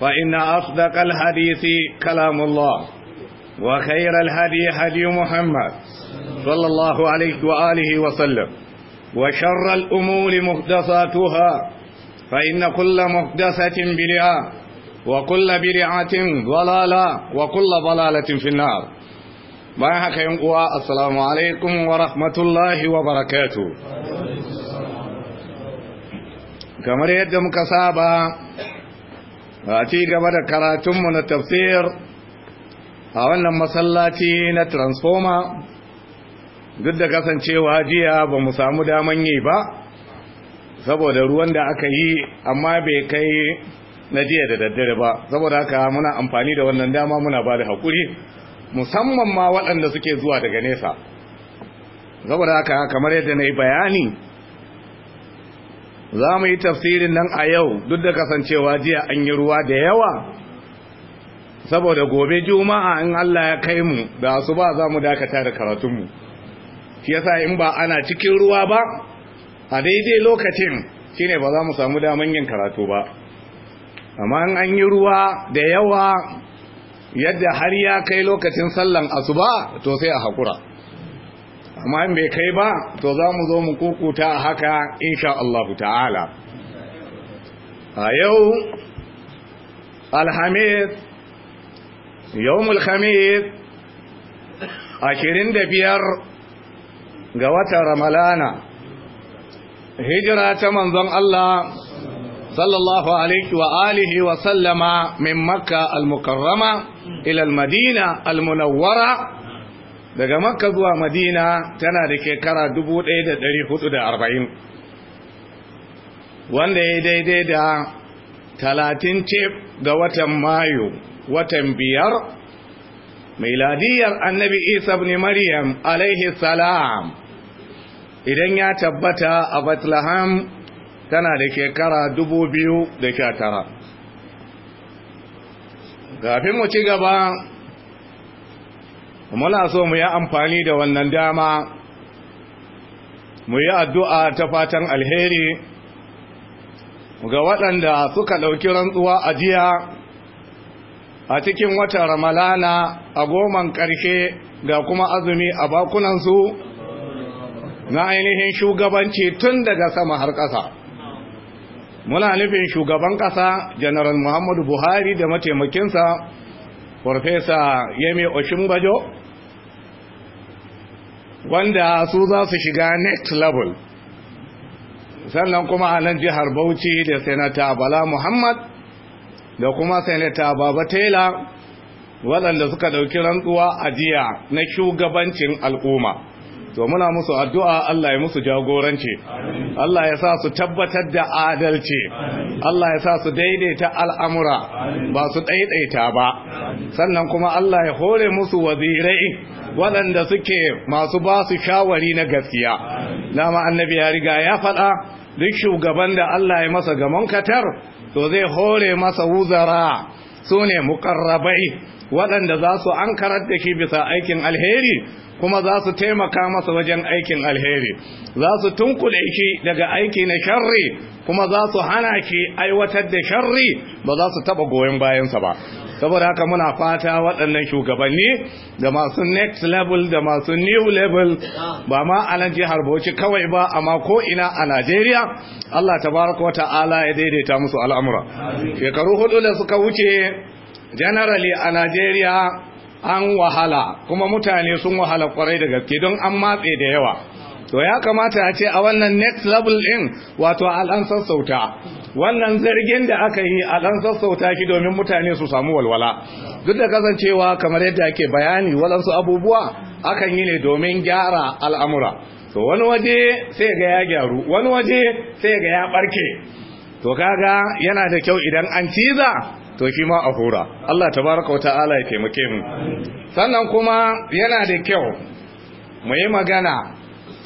فإن أصدق الحديث كلام الله وخير الهدي هدي محمد صلى الله عليه وآله وسلم وشر الأمور مهدساتها فإن كل مهدسة بلعاء وكل برعاة ضلالة وكل ضلالة في النار بارك ينقوا السلام عليكم ورحمة الله وبركاته كما يدمك مكسابا a ci gaba da karatunmu na tafsir a wannan masallaci na transformer duk da kasancewa jiya ba mu samu daman yi ba saboda ruwan da aka yi amma bai kai na jiya da daddare ba saboda haka muna amfani da wannan dama muna ba da haƙuri musamman ma waɗanda suke zuwa daga nesa saboda haka kamar yadda na yi bayani za mu yi tafsirin nan a yau duk da kasancewa jiya an yi ruwa da yawa saboda gobe juma'a in Allah ya kai mu da su ba za mu dakata da karatunmu shi yasa in ba ana cikin ruwa ba a daidai lokacin shine ba za mu samu daman yin karatu ba amma in an yi ruwa da yawa yadda har ya kai lokacin sallan asuba to sai a hakura amma in bai kai ba to za mu zo mu kukuta haka insha Allah ta'ala a yau alhamis ashirin da biyar ga watan ramalana hijira ta manzon Allah sallallahu alaihi wa alihi wa sallama min makka al-mukarrama ila al-madina al-munawwara daga makka zuwa madina tana da shekara arba'in, wanda ya daidai da talatin ce ga watan mayu watan biyar mai miladiyar annabi isa ibn maryam alaihi salam idan ya tabbata a bethlehem tana da shekara 2019 kafin mu ci gaba muna so mu yi amfani da wannan dama mu yi addu'a ta fatan alheri ga waɗanda suka ɗauki rantsuwa a jiya a cikin wata ramalana a goman ƙarshe ga kuma azumi a bakunansu na ainihin shugabanci tun daga sama har ƙasa muna nufin shugaban ƙasa janaral muhammadu buhari da mataimakinsa farfesa yemi Oshin bajo wanda su za su shiga next level sannan kuma a nan jihar bauchi da senata bala muhammad da kuma senata baba taylor waɗanda suka ɗauki rantsuwa a jiya na shugabancin al'umma to muna musu addu'a Allah ya musu jagoranci Allah ya sa su tabbatar da adalci Allah ya sa su daidaita al'amura ba su daidaita ba sannan kuma Allah ya hore musu wazirai waɗanda suke masu ba su shawari na gaskiya dama annabi ya riga ya faɗa duk shugaban da Allah ya masa gamon katar to zai hore masa wuzara su ne muƙarrabai waɗanda za su an da shi bisa aikin alheri kuma za su taimaka masa wajen aikin alheri za su tunkule shi daga aiki na sharri kuma za su hana shi aiwatar da sharri ba za su taba goyon bayansa ba saboda haka muna fata waɗannan shugabanni da masu next level da masu new level ba ma a nan jihar bauchi kawai ba amma ko ina a najeriya allah tabaraka wa ta'ala ya daidaita musu al'amura shekaru hudu da suka wuce generally a najeriya an wahala kuma mutane sun wahala kwarai da gaske don an matse da yawa to ya kamata a ce a wannan next level in wato al'an sassauta wannan zargin da aka yi al'an sassauta ki domin mutane su samu walwala duk da kasancewa kamar yadda ake bayani walansu abubuwa akan yi ne domin gyara al'amura to wani waje sai ga ya gyaru wani waje sai ga ya barke to kaga yana da kyau idan an ciza to shi ma a hura Allah tabaraka wata'ala ya taimake mu sannan kuma yana da kyau mu yi magana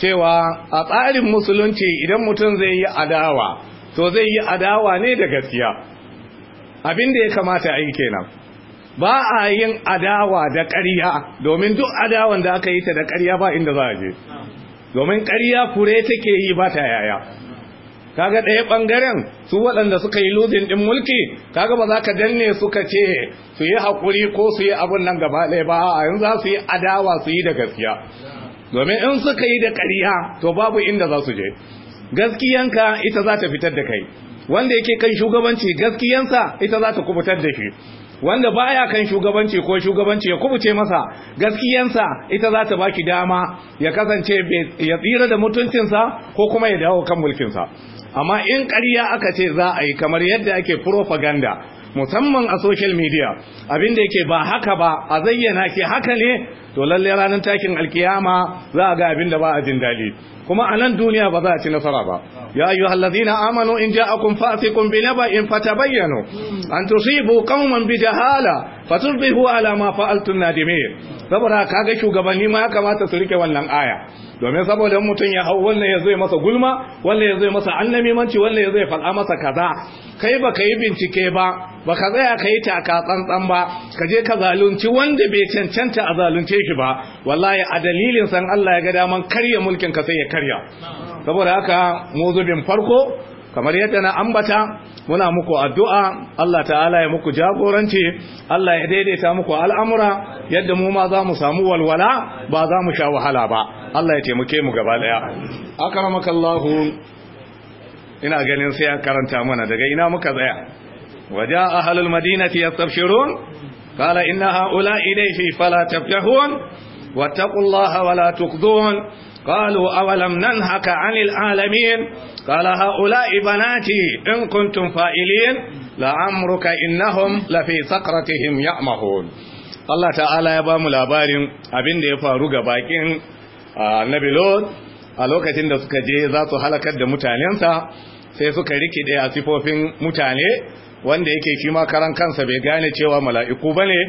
cewa a tsarin musulunci idan mutum zai yi adawa to zai yi adawa ne da gaskiya abin da ya kamata a yi kenan ba a yin adawa da ƙarya domin duk adawan da aka yi ta da ƙarya ba inda za a je domin ƙarya fure take yi ba ta yaya kaga ɗaya ɓangaren su waɗanda suka yi lodin ɗin mulki kaga ba za ka danne suka ce su yi haƙuri ko su yi abin nan gaba ɗaya ba a yanzu za su yi adawa su yi da gaskiya domin in suka yi da ƙarya to babu inda za su je gaskiyanka ita za ta fitar da kai wanda yake kan shugabanci gaskiyansa ita za ta kubutar da shi wanda baya kan shugabanci ko shugabanci ya kubuce masa gaskiyansa ita za ta baki dama ya kasance ya tsira da mutuncinsa ko kuma ya dawo kan mulkinsa amma in ƙarya aka ce za a yi kamar yadda ake propaganda musamman a social media abinda yake ba haka ba a zayyana ke haka ne to lalle ranar takin alkiyama za a ga abin da ba a jin daɗi kuma a nan duniya ba za a ci nasara ba ya ayu na amanu in ja'akum fasiqun bi naba'in fatabayyanu an tusibu qauman bi jahala fatusbihu ala ma fa'altum nadimin saboda kaga shugabanni ma ya kamata su rike wannan aya domin saboda mutum ya hau wannan ya zai masa gulma wannan ya zai masa annamimanci wannan ya zai faɗa masa kaza kai ba ka yi bincike ba ba ka tsaya ka yi taka tsantsan ba ka je ka zalunci wanda bai cancanta a zalunce shi ba wallahi a dalilin san Allah ya ga daman karya mulkin ka sai ya karya saboda haka muzubin farko kamar yadda na ambata muna muku addu'a Allah ta'ala ya muku jagoranci Allah ya daidaita muku al'amura yadda mu ma za mu samu walwala ba za mu sha wahala ba Allah ya taimake mu gaba daya akramakallahu ina ganin sai ya karanta mana daga ina muka tsaya waja ahlul madinati yastabshirun قال إن هؤلاء إليه فلا تفتحون واتقوا الله ولا تخذون قالوا أولم ننهك عن العالمين قال هؤلاء بناتي إن كنتم فائلين لعمرك إنهم لفي سقرتهم يعمهون الله تعالى يبام الأبار أبين دي فاروق باكين النبي لود a lokacin da suka je za su halakar da mutanensa sai suka rikide a sifofin mutane wanda yake shi ma karan kansa bai gane cewa mala'iku ba ne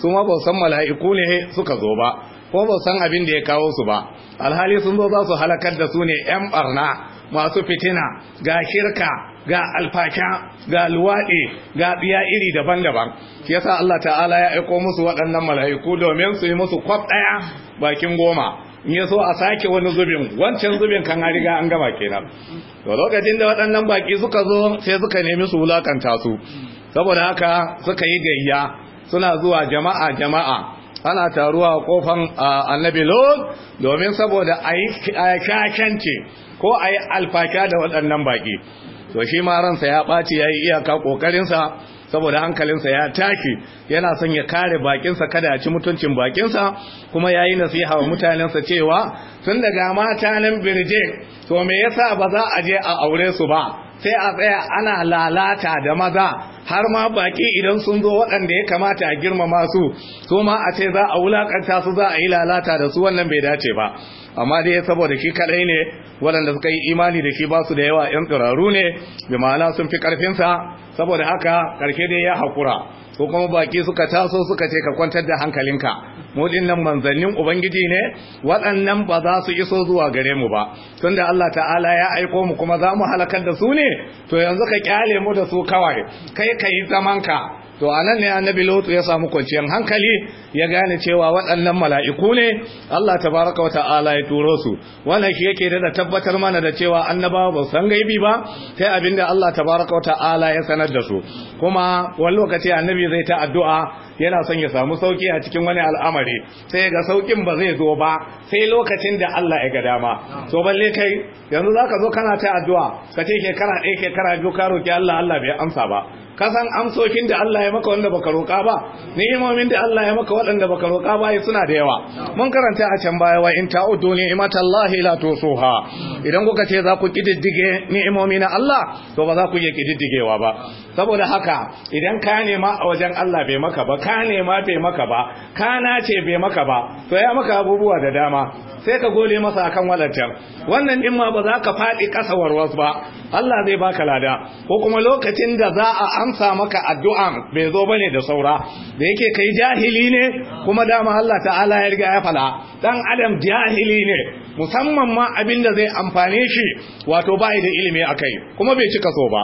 su ma ba san mala'iku ne suka zo ba ko ba san abin da ya kawo su ba alhali sun zo za su halakar da su ne ‘yan barna masu fitina ga shirka ga alfaka ga luwaɗe ga biya iri daban-daban shi yasa Allah ta'ala ya aiko musu waɗannan mala'iku domin su yi musu kwaf ɗaya bakin goma in ya so a sake wani zubin wancan zubin kan an riga an gama kenan to lokacin da waɗannan baki suka zo sai suka nemi su wulakanta su saboda haka suka yi gayya suna zuwa jama'a jama'a ana taruwa a kofan annabi lot domin saboda a yi kyakyanci ko a yi alfaka da waɗannan baki to shi ma ransa ya ɓaci ya yi iyaka ƙoƙarinsa saboda hankalinsa ya tashi yana son ya kare bakinsa kada ya ci mutuncin bakinsa kuma ya yi nasiha wa mutanensa cewa tun daga mata nan birje to me yasa ba za a je a aure su ba sai a tsaya ana lalata da maza har ma baki idan sun zo waɗanda ya kamata a girmama su to ma a ce za a wulakanta su za a yi lalata da su wannan bai dace ba amma dai saboda shi kadai ne waɗanda suka yi imani da shi ba su da yawa 'yan tsiraru ne bi ma'ana sun fi ƙarfinsa saboda haka karke dai ya hakura ko kuma baki suka taso suka ce ka kwantar da hankalinka mu dinnan manzannin ubangiji ne waɗannan ba za su iso zuwa gare mu ba tunda Allah ta'ala ya aiko mu kuma za mu halakar da su ne to yanzu ka kyale mu da su kawai kai kai zaman ka to anan ne annabi lutu ya samu kwanciyar hankali ya gane cewa waɗannan mala'iku ne Allah tabaraka wa ta'ala ya turo su wannan shi yake da tabbatar mana da cewa annaba ba san gaibi ba abin da Allah baraka wa ta'ala ya sanar da su kuma wani lokaci annabi zai ta addu'a yana son ya samu sauki a cikin wani al'amari sai ga saukin ba zai zo ba sai lokacin da Allah ya ga dama to balle kai yanzu zaka zo kana ta addu'a ka ce kara ɗaya shekara biyu ka roki Allah Allah bai amsa ba ka san amsokin da Allah ya maka wanda baka roƙa ba ni'imomin da Allah ya maka waɗanda baka roƙa ba suna da yawa mun karanta a can baya wa in ta'uddu ni'matallahi la tusuha idan kuka ce za ku kididdige ni'imomi na Allah to ba za ku iya kididdigewa ba saboda haka idan ka nema a wajen Allah bai maka ba ka nema bai maka ba ka nace bai maka ba to ya maka abubuwa da dama sai ka gole masa akan walatar wannan din ma ba za ka faɗi ƙasa warwas ba Allah zai baka lada ko kuma lokacin da za a amsa maka addu'an bai zo bane da saura da yake kai jahili ne kuma dama Allah ta'ala ya riga ya fala dan adam jahili ne musamman ma abin da zai amfane shi wato bai da ilimi akai kuma bai cika so ba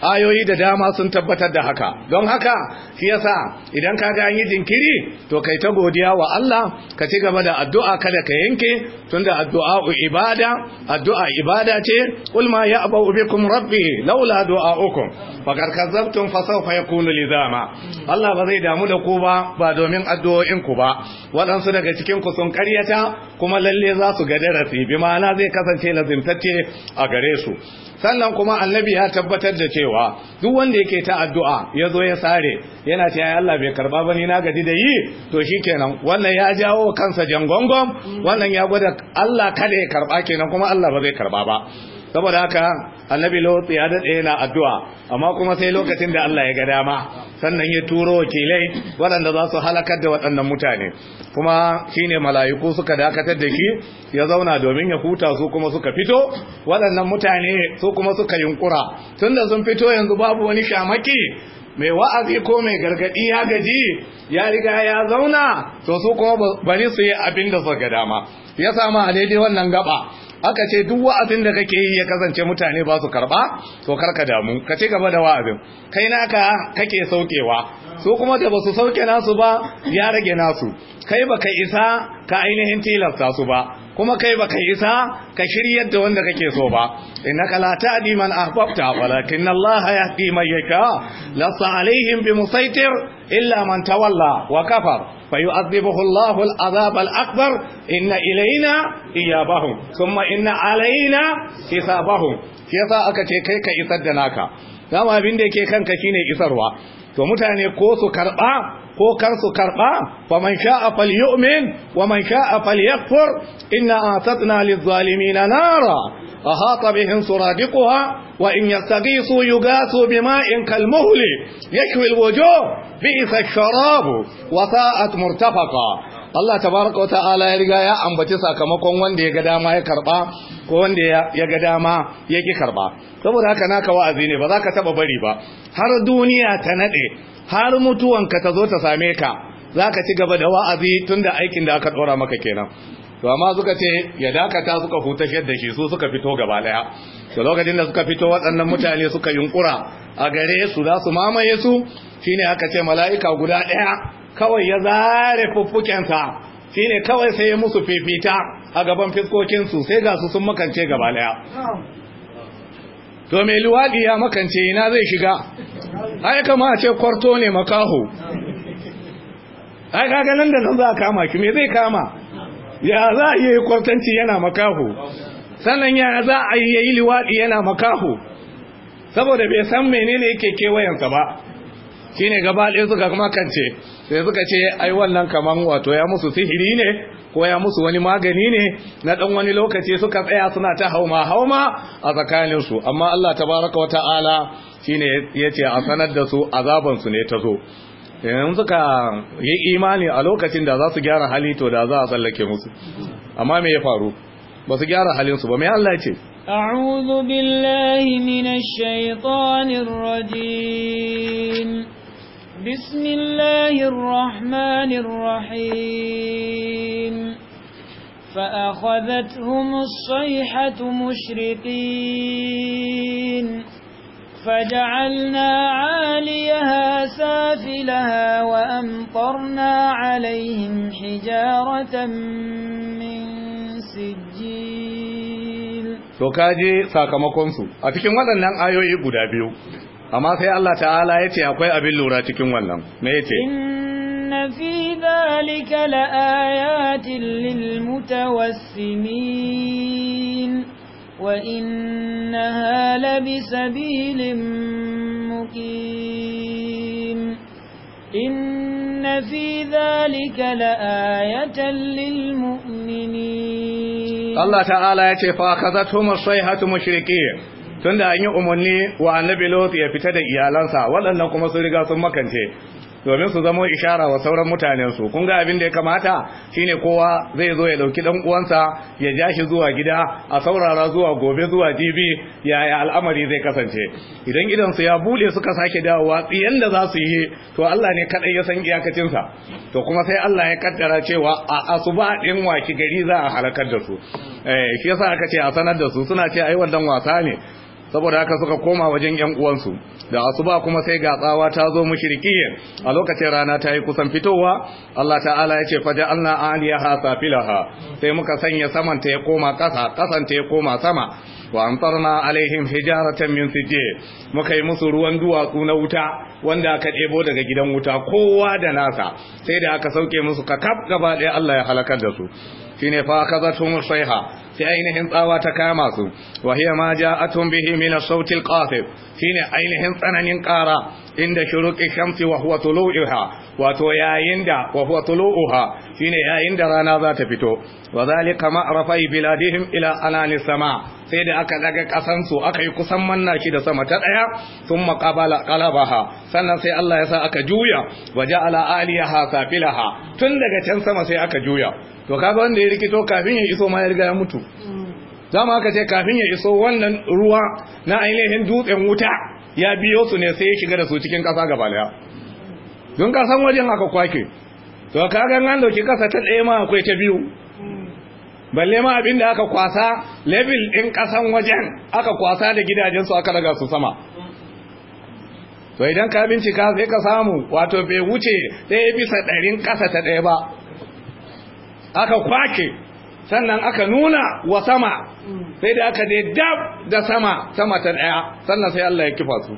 ayoyi da dama sun tabbatar da haka don haka shi yasa idan ka ga yi jinkiri to kai ta godiya wa Allah ka ci gaba da addu'a kada ka yanke tunda addu'a ibada addu'a ibada ce qul ma ya'bau bikum rabbi laula du'aukum faqad kazabtum fa sawfa yakunu lizama Allah ba zai damu da ku ba ba domin addu'o'in ku ba waɗansu daga cikin ku sun karyata kuma lalle za su ga darasi bi ma'ana zai kasance lazimtacce a gare su sannan kuma annabi ya tabbatar da cewa duk wanda yake ta addu'a ya zo ya sare yana ta ya Allah bai karba ba ni na gaji da yi to shi kenan wannan ya jawo kansa jangongon mm. wannan ya gwada Allah kada ya karba kenan kuma Allah ba zai karba ba saboda haka annabi lotsi ya daɗe yana addu'a amma kuma sai lokacin da Allah ya ga dama sannan ya turo wakilai waɗanda za su halakar da waɗannan mutane kuma shine mala'iku suka dakatar da ki ya zauna domin ya huta su kuma suka fito waɗannan mutane su kuma suka yunkura tunda sun fito yanzu babu wani shamaki mai wa'azi ko mai gargadi ya gaji ya riga ya zauna to su kuma bari su yi abin da suka dama ya sama a daidai wannan gaba aka ce duk wa'azin da kake yi ya kasance mutane ba su karba to karka damu ka ce gaba da wa'azin kai naka kake saukewa So kuma da ba su sauke nasu ba ya rage nasu kai ba ka isa ka ainihin tilasta su ba kuma kai ba ka isa ka shiryar da wanda kake so ba innaka la ta'di man ahbabta walakin Allah yahdi man yasha lasta alaihim bimusaitir illa man tawalla wa kafar fayu'adhibuhu Allah al'adab al'akbar inna ilaina iyabahum thumma inna alaina hisabahum yasa aka ce kai ka isar da naka dama abin da yake kanka shine isarwa to mutane ko su karba ko kar su karba fa man sha'a falyu'min wa man sha'a falyakfur inna atatna lizzalimina nara أحاط بهم سرادقها وإن يستغيثوا يغاثوا بماء كالمهل يشوي الوجوه بئس الشراب وساءت مرتفقا Allah ta wata ala ya riga ya ambaci sakamakon wanda ya ga dama ya karba ko wanda ya ga dama ya ki karba saboda haka naka wa'azi ne ba za ka taba bari ba har duniya ta nade har mutuwan ka ta zo ta same ka za ka ci gaba da wa'azi da aikin da aka dora maka kenan to amma suka ce ya dakata suka hutashar da shi su suka fito gaba daya to lokacin da suka fito waɗannan mutane suka yunkura a gare su za su mamaye su shine aka ce mala'ika guda ɗaya. kawai ya zare fuffukensa shine kawai sai ya musu fifita a gaban fiskokinsu sai ga su sun makance gaba daya to mai luwaɗi ya makance ina zai shiga ai kama a ce kwarto ne makaho ai kaga nan da nan za a kama ki me zai kama ya za a yi kwartanci yana makaho sannan ya za a yi luwaɗi yana makaho saboda bai san menene yake kewayensa ba shine gaba ɗaya suka makance sai suka ce ai wannan kaman wato ya musu sihiri ne ko ya musu wani magani ne na dan wani lokaci suka tsaya suna ta hauma hauma a tsakanin su amma Allah tabaraka wata'ala shine yace a sanar da su azaban su ne ta zo suka yi imani a lokacin da za su gyara hali to da za a tsallake musu amma me ya faru ba su gyara halin su ba me Allah ya ce أعوذ بالله من الشيطان الرجيم بسم الله الرحمن الرحيم فأخذتهم الصيحة مشرقين فجعلنا عاليها سافلها وأمطرنا عليهم حجارة من سجيل سوكاجي kaje sakamakonsu أتكلم عن waɗannan ayoyi amma sai Allah ta'ala ya ce akwai abin lura cikin wannan me ya ce inna fi dhalika laayatin lilmutawassimin wa innaha labisabilin muqim inna fi dhalika laayatan lilmu'minin Allah ta'ala ya ce fa akhadathum as mu mushrikin tunda an yi umarni wa annabi lot ya fita da iyalansa waɗannan kuma sun riga sun makance domin su zama ishara wa sauran mutanensu kun ga abin da ya kamata shine kowa zai zo ya dauki dan uwansa ya ja shi zuwa gida a saurara zuwa gobe zuwa jibi yaya al'amari zai kasance idan idan su ya bude suka sake dawowa tsiyan da za su yi to Allah ne kadai ya san iyakacin sa to kuma sai Allah ya kaddara cewa a asuba din waki gari za a halakar da su eh shi yasa aka ce a sanar da su suna ce ai wannan wasa ne saboda haka suka koma wajen yan uwansu da asuba kuma sai ga tsawa ta zo mushrikiye a lokacin rana ta yi kusan fitowa Allah ta'ala ya ce faja Allah aliyaha safilaha sai muka sanya saman ta ya koma kasa kasan ta ya koma sama wa amtarna alaihim hijaratan min sijje muka yi musu ruwan duwatsu na wuta wanda aka ɗebo daga gidan wuta kowa da nasa sai da aka sauke musu kakaf gaba ɗaya Allah ya halakar da su shine fa kazatu shayha sai ainihin tsawa ta kama su wa hiya ma ja'atun bihi min as-sawti al-qasib shine ainihin tsananin ƙara inda shuruqi shamsi wa huwa tulu'uha wato yayin da wa huwa tulu'uha shine yayin da rana za ta fito wa zalika ma'rafai biladihim ila anani sama sai da aka daga kasan su aka yi kusan manna shi da sama ta daya sun maqabala sannan sai Allah ya sa aka juya waja'ala aliyaha safilaha tun daga can sama sai aka juya to kaga wanda ya rikito kafin ya iso ma ya riga ya mutu zamu aka ce kafin ya iso wannan ruwa na ainihin dutsen wuta ya biyo su ne sai ya shiga da su cikin ƙasa gaba daya don kasan wajen aka kwake to kaga an dauki kasa ta ɗaya ma akwai ta biyu balle ma abin da aka kwasa level ɗin kasan wajen aka kwasa da gidajen su aka daga su sama to idan ka bincika sai ka samu wato bai wuce ɗaya bisa ɗarin ƙasa ta ɗaya ba aka kwake sannan aka nuna wa sama sai da aka dai dab da sama sama ta ɗaya sannan sai Allah ya kifa su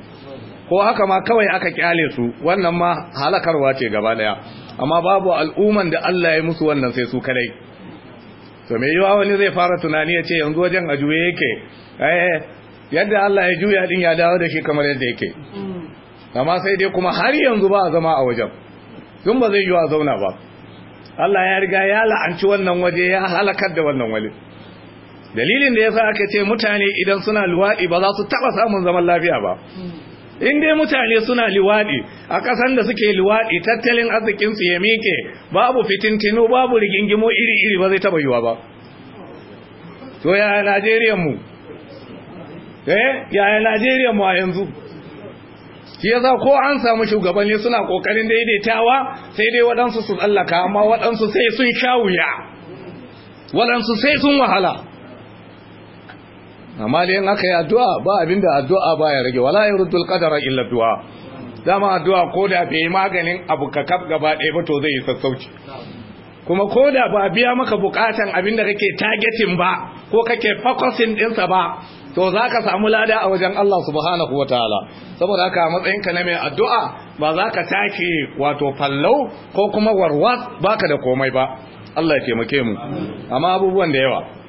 ko haka ma kawai aka kyale su wannan ma halakarwa ce gaba ɗaya amma babu al'umman da Allah ya musu wannan sai su kadai to me yiwa wani zai fara tunani ya ce yanzu wajen a yake eh, eh, yadda Allah ya juya din ya dawo da shi kamar yadda yake mm. amma sai dai kuma har yanzu ba a zama a wajen tun ba zai yiwa zauna ba Allah ya riga ya la'anci wannan waje ya halakar da wannan waje dalilin da ya sa aka ce mutane idan suna luwaɗi ba za su taɓa samun zaman lafiya ba mm. in dai mutane suna liwaɗi a ƙasan da suke liwaɗi tattalin arzikinsu ya miƙe babu fitintinu babu rigingimo iri-iri ba zai taɓa yiwa ba to yaya najeriya mu eh yaya najeriya mu a yanzu shi yasa ko an samu shugabanni suna kokarin daidaitawa sai dai waɗansu su tsallaka amma waɗansu sai sun sha wuya waɗansu sai sun wahala amma da yin aka yi addu'a ba da addu'a ba ya rage wala ya ruddul qadara illa du'a dama addu'a ko da bai maganin abu ka kaf gaba ɗaya ba to zai yi sassauci kuma ko da ba biya maka bukatan abinda kake targeting ba ko kake focusing ɗinsa ba to za ka samu lada a wajen Allah subhanahu wa ta'ala saboda haka a matsayinka na mai addu'a ba za ka take wato fallau ko kuma warwas baka da komai ba Allah ya taimake mu amma abubuwan da yawa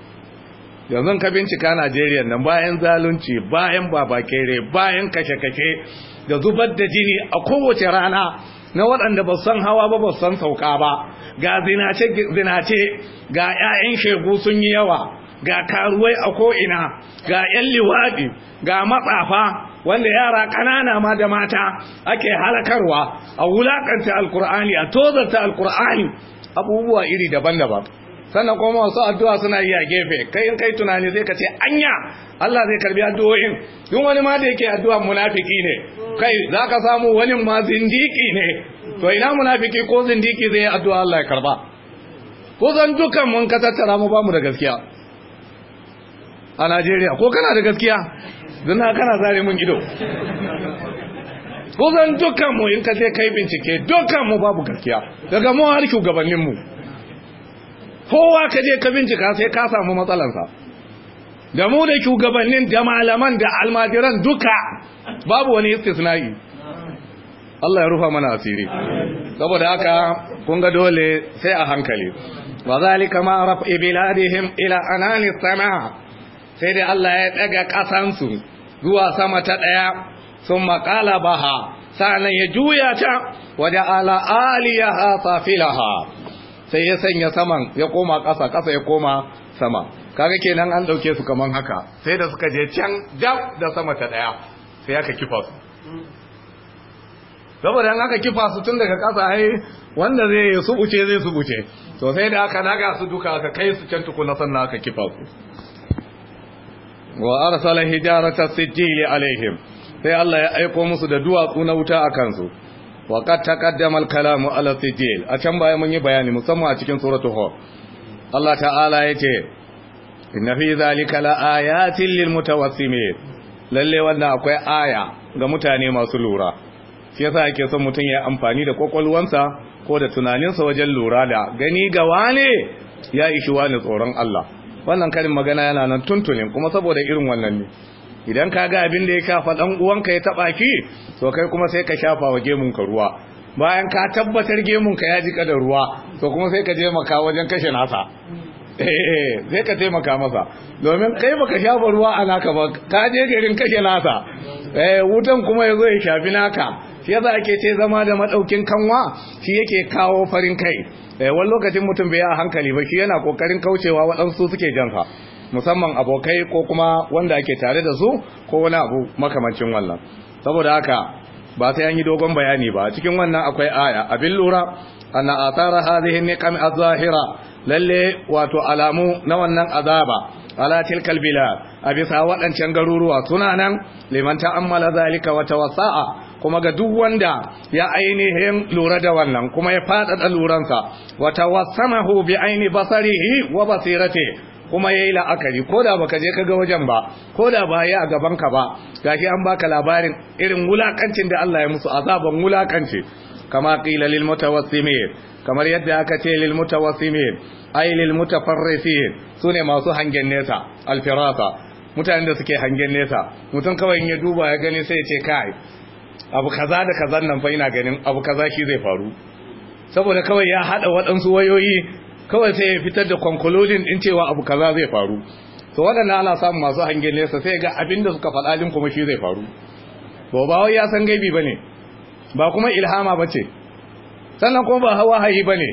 yanzu ka bincika Najeriya nan bayan zalunci bayan babakere bayan kashe-kashe da zubar da jini a kowace rana na waɗanda ba san hawa ba ba san sauka ba ga zinace ga 'ya'yan shegu sun yi yawa ga karuwai a ko'ina ga 'yan liwaɗi ga matsafa wanda yara ƙanana ma da mata ake halakarwa a wulaƙanta alkur'ani a tozarta alkur'ani abubuwa iri daban-daban sannan kuma wasu addu'a suna yi a gefe kai in kai tunani zai ka ce anya Allah zai karbi addu'o'in yin wani ma da yake addu'a munafiki ne kai za ka samu wani ma zindiki ne to ina munafiki ko zindiki zai yi addu'a Allah ya karba kusan dukan mun ka tattara mu bamu da gaskiya a Najeriya ko kana da gaskiya zina kana zare mun ido kusan dukan mu in ka je kai bincike dukan mu babu gaskiya daga mu har shugabannin mu kowa ka je ka bincika sai ka samu matsalansa da mu da shugabannin da malaman da almajiran duka babu wani istisna'i Allah ya rufa mana asiri saboda haka kun ga dole sai a hankali wa zalika ma raf'i biladihim ila anani sama sai da Allah ya daga kasansu zuwa sama ta daya sun makala baha sanan ya juya ta waje ala aliyaha safilaha sai ya sanya saman ya koma ƙasa ƙasa ya koma sama kaga kenan an dauke su kaman haka sai da suka je can dab da sama ta daya sai aka kifa su saboda an aka kifa su tun daga ƙasa ai wanda zai yi buce zai buce to sai da aka naga su duka aka kai su can na sannan aka kifa su wa arsala hijarata sijil alaihim sai Allah ya aiko musu da duwatsu na wuta akan su wa ta taqaddama al-kalamu ala a can baya mun yi bayani musamman a cikin suratul ho Allah ta'ala yace inna fi zalika la ayatin wasu mai. lalle wannan akwai aya ga mutane masu lura shi yasa ake son mutum ya amfani da kwakwalwansa ko da tunaninsa wajen lura da gani ga wane ya ishi tsoron Allah wannan karin magana yana nan tuntunin kuma saboda irin wannan ne idan ka ga abin da ya shafa dan uwanka ya taba ki to kai kuma sai ka shafa wa gemun ruwa bayan ka tabbatar gemun ya jika da ruwa to kuma sai ka je wajen kashe nasa eh sai ka taimaka masa domin kai baka shafa ruwa a naka ba ka je garin kashe nasa eh wutan kuma yazo ya shafi naka shi yasa ake ce zama da madaukin kanwa shi yake kawo farin kai eh wani lokacin mutum bai a hankali ba shi yana kokarin kaucewa waɗansu suke jansa musamman abokai ko kuma wanda ake tare da su ko wani abu makamancin wannan saboda haka ba sai an yi dogon bayani ba cikin wannan akwai aya abin lura anna athara hadhihi niqam az-zahira lalle wato alamu na wannan azaba ala tilkal bilad a bisa waɗancan garuruwa suna nan liman ta'ammala zalika wa tawassa'a kuma ga duk wanda ya ainihin lura da wannan kuma ya faɗaɗa luransa wa tawassamahu bi aini basarihi wa basiratihi kuma ya yi la'akari ko da baka je ka ga wajen ba ko da ba ya a gaban ka ba gashi an baka labarin irin wulakancin da Allah ya musu azaban wulakanci kama qila lil mutawassimin kamar yadda aka ce lil mutawassimin ay lil mutafarrisin sune masu hangen nesa alfirasa mutanen da suke hangen nesa mutum kawai in ya duba ya gani sai ya ce kai abu kaza da kazan nan fa ina ganin abu kaza shi zai faru saboda kawai ya hada waɗansu wayoyi kawai sai ya fitar da concluding din cewa abu kaza zai faru to waɗannan ana samun masu hange nesa sai ga abin da suka faɗa din kuma shi zai faru ba ba wai ya san gaibi bane ba kuma ilhama bace sannan kuma ba wahayi bane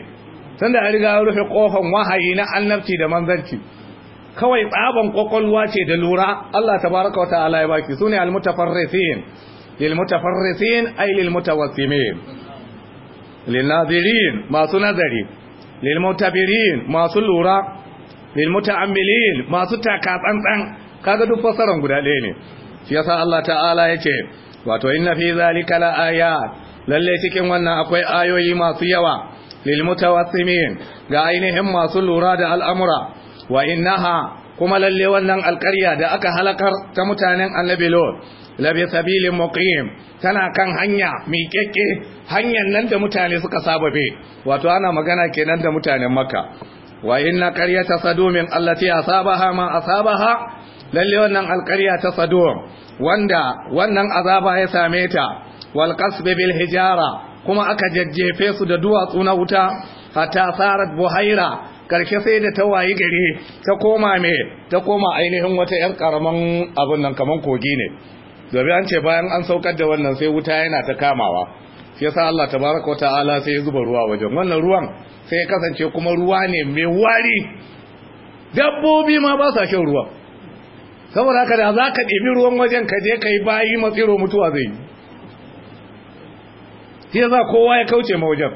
sanda an riga rufe kofan wahayi na annabci da manzanci kawai tsaban kwakwalwa ce da lura Allah tabaraka wata'ala ya baki sune almutafarrisin lilmutafarrisin ay lilmutawassimin lilnazirin masu nazari lil mutabirin masu lura lil muta'ammilin masu taka tsantsan kaga duk fasaran guda ɗaya ne shi yasa Allah ta'ala Ya ce wato inna fi zalika la ayat lalle cikin wannan akwai ayoyi masu yawa lil mutawassimin ga ainihin masu lura da al'amura wa innaha kuma lalle wannan alƙarya da aka halakar ta mutanen annabi labi sabilin muqim tana kan hanya miƙeƙe hanyar nan da mutane suka saba be wato ana magana kenan da mutanen makka wa inna qaryata sadumin allati asabaha ma asabaha lalle wannan alqarya ta sadum wanda wannan azaba ya same ta wal qasb bil hijara kuma aka jajjefe su da duwatsu na wuta hatta sarat buhaira karshe sai da ta wayi gari ta koma me ta koma ainihin wata 'yan karaman abin nan kaman kogi ne zabi an ce bayan an saukar da wannan sai wuta yana ta kamawa shi yasa Allah tabaraka ta'ala sai ya zuba ruwa wajen wannan ruwan sai ya kasance kuma ruwa ne mai wari dabbobi ma ba sa shan ruwa saboda haka da za ka ɗebi ruwan wajen ka je ka yi bayi matsiro mutuwa zai yi shi yasa kowa ya kauce ma wajen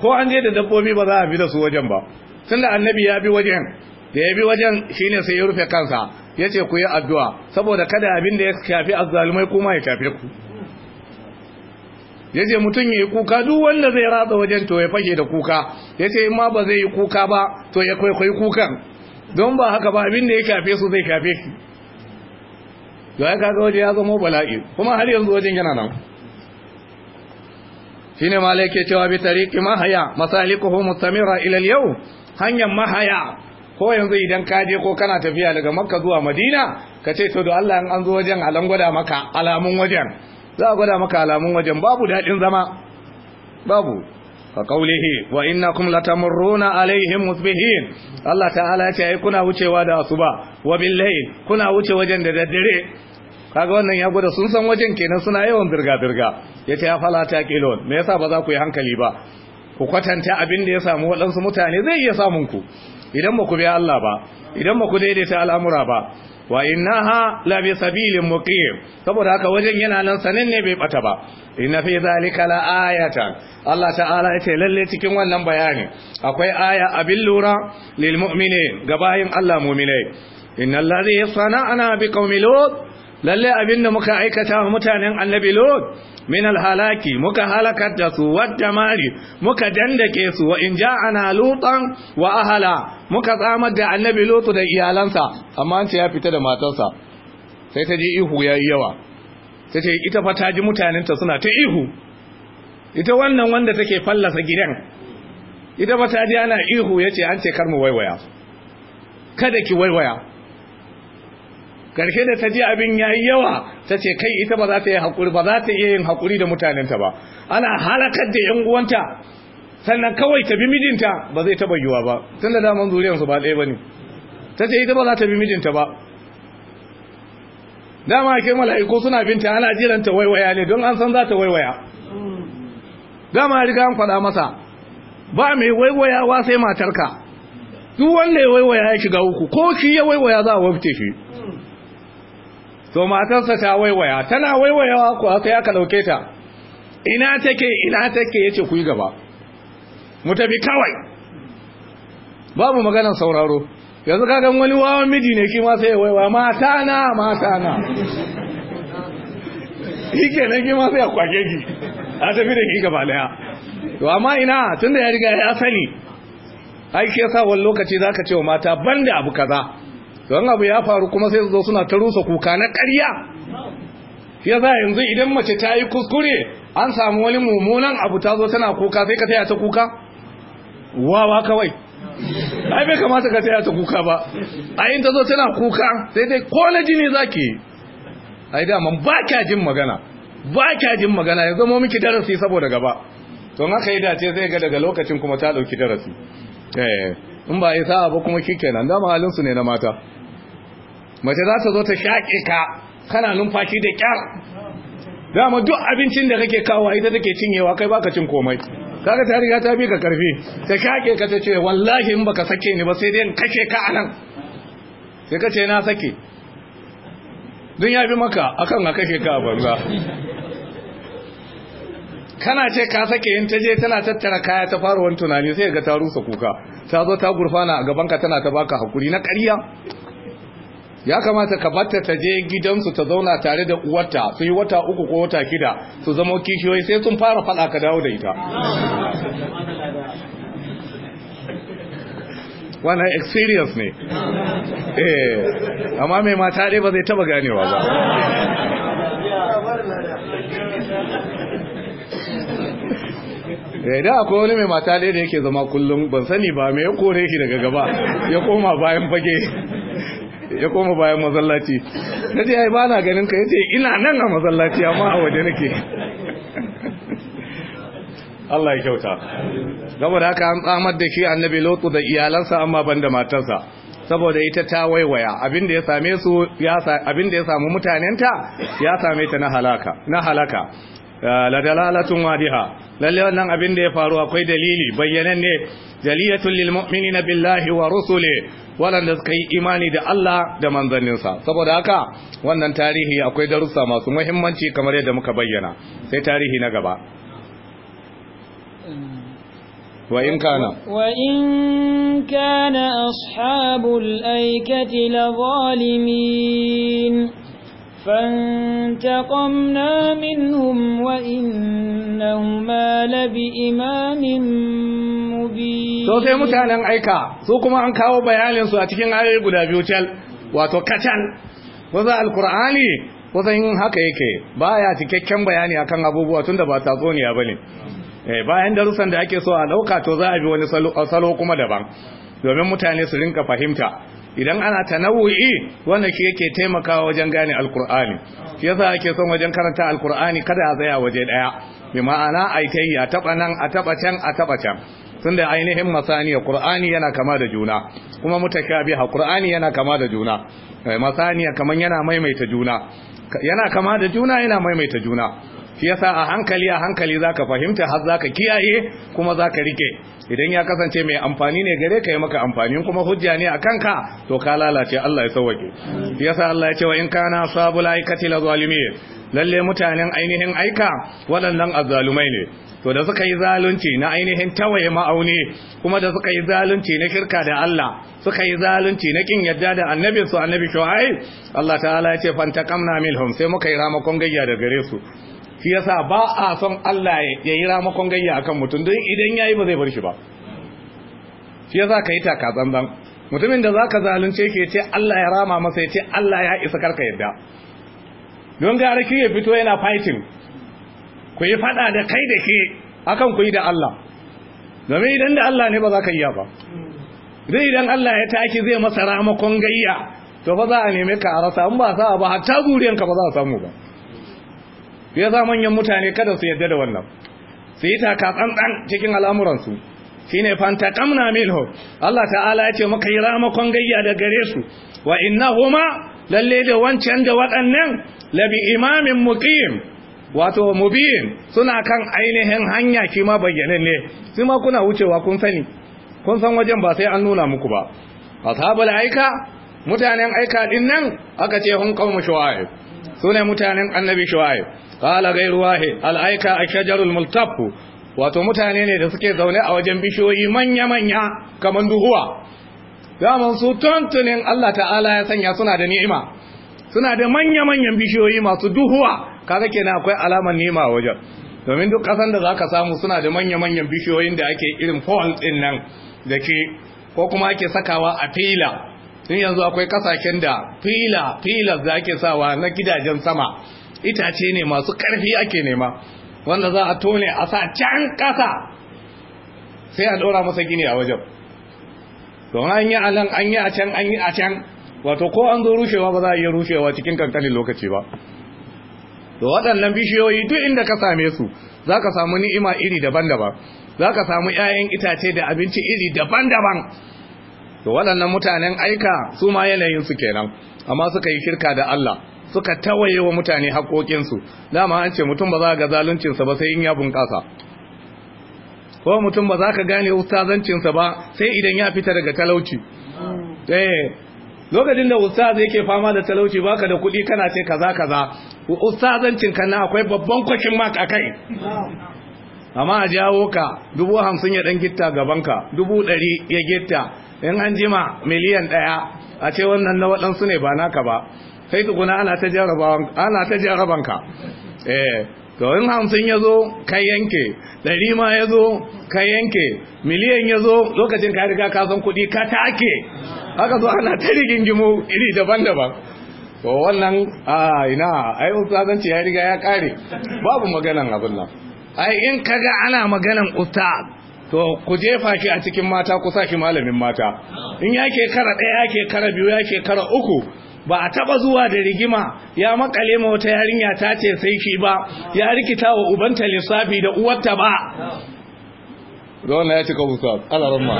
ko an je da dabbobi ba za a bi da su wajen ba tunda annabi ya bi wajen da ya bi wajen shine sai ya rufe kansa ya ce ku yi addu'a saboda kada abin da ya shafi azzalumai kuma ya shafi ku ya ce mutum ya yi kuka duk wanda zai ratsa wajen to ya fage da kuka ya ce in ma ba zai yi kuka ba to ya kwaikwayi kukan don ba haka ba abin da ya shafe su zai shafe shi da ya kaga waje ya zama bala'i kuma har yanzu wajen yana nan shine malai ke cewa bi tariqi mahaya masalikuhu mustamira ila al-yawm hanyar mahaya ko yanzu idan ka je ko kana tafiya daga makka zuwa madina ka ce to da Allah in an zo wajen alam gwada maka alamun wajen za a gwada maka alamun wajen babu daɗin zama babu ka qawlihi wa innakum latamurruna alaihim musbihin Allah ta'ala ya ce ai kuna wucewa da asuba wa layl kuna wuce wajen da daddare kaga wannan ya gwada sun san wajen kenan suna yawan dirga dirga ya ce ya fala ta kilon me yasa ba za ku yi hankali ba ku kwatanta abin da ya samu waɗansu mutane zai iya samun ku idan ba ku biya Allah ba idan ba ku daidaita al'amura ba wa innaha la bi sabilin muqim saboda haka wajen yana nan sanin ne bai bata ba inna fi zalika la ayatan Allah ta'ala ce lalle cikin wannan bayani akwai aya abin lura lil mu'minin ga bayin Allah mu'minai innal ladhi sana'ana bi qaumi lut lalle abin da muka aikata wa mutanen annabi lot min alhalaki muka halakar da su wadda mari muka dandake su wa in ja'ana lutan wa ahala muka tsamar da annabi lotu da iyalansa amma an ce ya fita da matansa. sai ta ji ihu yayi yawa sai ta ita fa ta ji mutanenta suna ta ihu ita wannan wanda take fallasa gidan ita fa ta ji ana ihu yace an ce kar mu waiwaya kada ki waiwaya karshe da ta ji abin ya yi yawa ta ce kai ita ba za ta iya yin haƙuri da mutanenta ba ana halakar da yan uwanta sannan kawai ta bi mijinta ba zai taɓa yiwa ba tun da daman zuriyarsu ba ɗaya ba ne ta ce ita ba za ta bi mijinta ba dama ke mala'iku suna binta ana jiranta waiwaya ne don an san za ta waiwaya dama riga an faɗa masa ba mai waiwayawa sai matarka duk wanda ya waiwaya ya shiga uku ko shi ya waiwaya za a wabce shi to matarsa ta waiwaya tana waiwayawa ko aka ya ka dauke ta ina take ina take yace ku yi gaba mu tafi kawai babu maganar sauraro yanzu kagan wani wawan miji ne shi ma sai waiwa mata na mata na yake kenan ki ma sai a kwage ki a tafi da ki gaba daya to amma ina tunda ya riga ya sani ai ke sa wani lokaci zaka ce wa mata banda abu kaza don abu ya faru kuma sai su zo suna ta rusa kuka na ƙarya ya za yanzu idan mace ta yi kuskure an samu wani mummunan abu ta zo tana kuka sai ka taya ta kuka wawa kawai ai bai kamata ka taya ta kuka ba ai ta zo tana kuka sai dai ko na jini zaki ai daman ba kya jin magana ba kya jin magana ya zama miki darasi saboda gaba to in aka yi dace zai ga daga lokacin kuma ta dauki darasi eh in ba ya ba kuma kikenan dama halin ne na mata mace za ta zo ta shaƙe ka kana numfashi da kyar dama duk abincin da kake kawo ita take cinyewa kai baka cin komai kaga ta riga ta bi ka karfi ta shaƙe ka ta ce wallahi in baka sake ni ba sai dai in kashe ka anan sai ka ce na sake dun ya bi maka akan a kashe ka a banza kana ce ka sake ta je tana tattara kaya ta fara wani tunani sai ga ta rusa kuka ta zo ta gurfana a gaban ka tana ta baka hakuri na ƙarya ya kamata ka batta ta je gidansu ta zauna tare da uwarta su yi wata uku ko wata kida su zama kishiyoyi sai sun fara fada ka dawo da ita wannan experience ne eh amma mai mata ɗaya ba zai taba ganewa ba eh, da akwai wani mai mata ɗaya da yake zama kullum ban sani ba mai ya kore shi daga gaba ya koma bayan bage. ya koma bayan masallaci na ce ai ba na ganin ka ya ce ina nan a masallaci amma a waje nake Allah ya kyauta saboda haka an tsamar da shi annabi lotu da iyalansa amma ban da matarsa saboda ita ta waiwaya abinda ya same su abinda ya samu mutanenta ya same ta na halaka na halaka ah, la dalalatun wadiha lalle wannan abin da ya faru akwai dalili bayyanan ne jaliyatul lil mu'minina billahi wa rusuli waɗanda suka yi imani da Allah da manzanninsa saboda haka wannan tarihi akwai darussa masu muhimmanci kamar yadda muka bayyana sai tarihi na gaba وإن كان وإن كان أصحاب الأيكة لظالمين فانتقمنا منهم وإنهما لبإمام مبين so sai mutanen aika su kuma an kawo bayaninsu a cikin ayoyi guda biyu tal wato kacan wanda alqur'ani wanda yin haka yake baya cikakken bayani akan abubuwa tunda ba tatsuniya bane eh bayan darussan da ake so a ɗauka, to za a bi wani salo kuma daban domin mutane su rinka fahimta idan ana nau'i wanda ke yake taimakawa wajen gane alkur'ani shi yasa ake son wajen karanta alkur'ani kada a tsaya waje daya bi ma'ana yi a taba nan a taba can a taba can tunda ainihin masaniya qur'ani yana kama da juna kuma mutashabiha qur'ani yana kama da juna eh, masaniya kaman yana maimaita juna yana kama da juna yana maimaita juna shi yasa a hankali a hankali zaka fahimta har zaka kiyaye kuma zaka rike idan ya kasance mai amfani ne gare ka yi maka amfani kuma hujja ne a ka to ka lalace Allah ya sauwake shi yasa Allah ya ce wa in kana sabul aikati la zalimin lalle mutanen ainihin aika waɗannan azzalumai ne to da suka yi zalunci na ainihin tawaye ma'auni kuma da suka yi zalunci na shirka da Allah suka yi zalunci na kin yadda da su annabi shu'aib Allah ta'ala ya ce fantakamna milhum sai muka yi ramakon gayya da gare su shi yasa ba a son Allah ya yi ramakon gayya akan mutum don idan yayi ba zai bar shi ba shi yasa ka yi taka zanzan mutumin da zaka zalunce ke ce Allah ya rama masa ya ce Allah ya isa karka yadda don gara ki ya fito yana fighting ku yi fada da kai da ke akan ku yi da Allah domin idan da Allah ne ba za ka yi ba zai idan Allah ya taki zai masa ramakon gayya to fa za a neme ka a rasa in ba sa ba hatta guriyanka ba za a samu ba ya za manyan mutane kada su yadda da wannan su yi taka tsantsan cikin al'amuransu Shi ne shine fantaqamna minhu Allah ta'ala ya ce muka yi ramakon gayya da gare su wa innahuma lalle da wancan da waɗannan labi imamin muqim wato mubin suna kan ainihin hanya kima bayyanan ne Su ma kuna wucewa kun sani kun san wajen ba sai an nuna muku ba ashabul aika mutanen aika din aka ce hun qaumu shu'aib sune mutanen annabi shu'aib qala ghayru wahid al’aika a shajarul multaf wato mutane ne da suke zaune a wajen bishiyoyi manya manya kamar duhuwa zaman su tuntunin Allah ta'ala ya sanya suna da ni'ima suna da manya manyan bishiyoyi masu duhuwa kaga kenan akwai alamar ni'ima wajen domin duk ƙasan da za ka samu suna da manya manyan bishiyoyin da ake irin fall din nan da ke ko kuma ake sakawa a fila tun yanzu akwai ƙasashen da fila fila da ake sawa na gidajen sama itace ne masu karfi ake nema wanda za a tone a sa can ƙasa sai a dora masa gini a wajen don an yi a nan an yi a can an yi a can wato ko an zo rushewa ba za a iya rushewa cikin kankanin lokaci ba to waɗannan bishiyoyi duk inda ka same su za ka samu ni'ima iri daban-daban za ka samu 'ya'yan itace da abinci iri daban-daban to waɗannan mutanen aika su ma yanayinsu kenan amma suka yi shirka da Allah suka tawaye wa mutane haƙoƙinsu dama an ce mutum ba za ga zaluncinsa ba sai in ya bunƙasa ko mutum ba za ka gane ustazancinsa ba sai idan ya fita daga talauci eh lokacin da ustaz yake fama da talauci baka da kuɗi kana ce kaza kaza ustazancin na akwai babban kwakin mak a kai. amma a jawo ka dubu hamsin ya dan gitta ka dubu ɗari ya gitta in an jima miliyan ɗaya a ce wannan na waɗansu ne ba naka ba kai ka guna ana ta jarabawan ana ta jarabanka eh to in hamsin ya zo kai yanke ɗari ma ya zo kai yanke miliyan ya zo lokacin ka riga ka san kuɗi ka take haka zo ana ta rigingimu iri daban-daban to wannan a ina ai ustazanci ya riga ya kare babu maganan abin nan ai in kaga ana maganan ustaz to ku jefa ki a cikin mata ku sa ki malamin mata in yake kara ɗaya yake kara biyu yake kara uku ba a taba zuwa da rigima ya makale ma wata yarinya ta ce sai shi ba ya rikita wa ubanta lissafi da uwarta ba da wannan ya cika husa alaran ma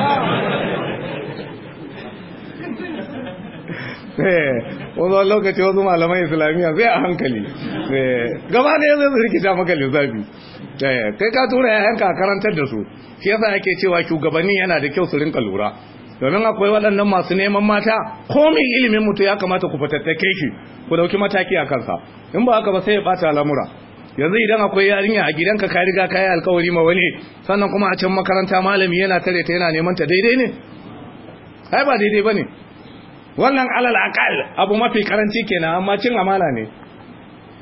eh, wanzu lokaci wasu malaman islamiyya sai a hankali eh, gaba ne zai zai rikita maka lissafi eh, kai ka tura yayanka a karantar da su shi yasa yake cewa shugabanni yana da kyau su rinka lura domin akwai waɗannan masu neman mata komai ilimin mutu ya kamata ku fatattake shi ku dauki mataki a kansa in ba haka ba sai ya bata lamura yanzu idan akwai yarinya a gidanka ka riga ka yi alkawari ma wani sannan kuma a can makaranta malami yana tare ta yana neman ta daidai ne ai ba daidai bane wannan alal aqal abu mafi karanci kenan amma cin amana ne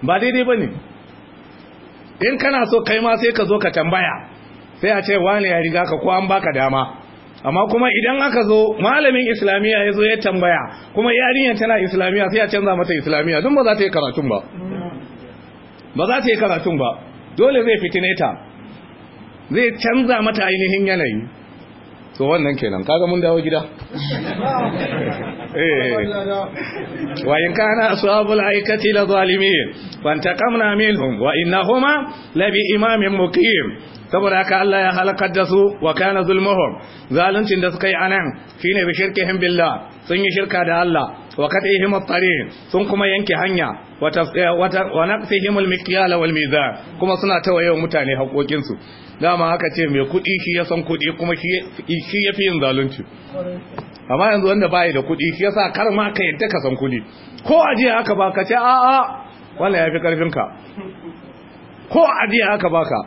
ba daidai bane in kana so kai ma sai ka zo ka tambaya sai a ce wani ya riga ka ko an baka dama amma kuma idan aka zo malamin islamiyya ya zo ya tambaya kuma yarinyar tana islamiyya sai a canza mata islamiyya don ba za ta yi karatun ba ba za ta yi karatun ba dole zai fitineta zai canza mata ainihin yanayi to wannan kenan kaga mun dawo gida eh, eh. wa in kana ashabul aikati la zalimin fantaqamna minhum wa innahuma la bi imamin muqim saboda haka Allah ya halakar da su wa kana zulmuhum zaluncin da suka yi anan shine bi shirkihim billah sun yi shirka da Allah wa qat'ihim at-tariq sun kuma yanke hanya wa eh, naqsihim al-miqyal wal mizan kuma suna tawayewa mutane haƙoƙin su dama haka ce mai kuɗi shi ya san kuɗi kuma shi ya fi yin zalunci amma yanzu wanda bai da kuɗi shi yasa kar ma ka yadda ka san kuɗi ko ajiya aka ka ce a a wannan yafi karfin ka ko ajiya aka ka,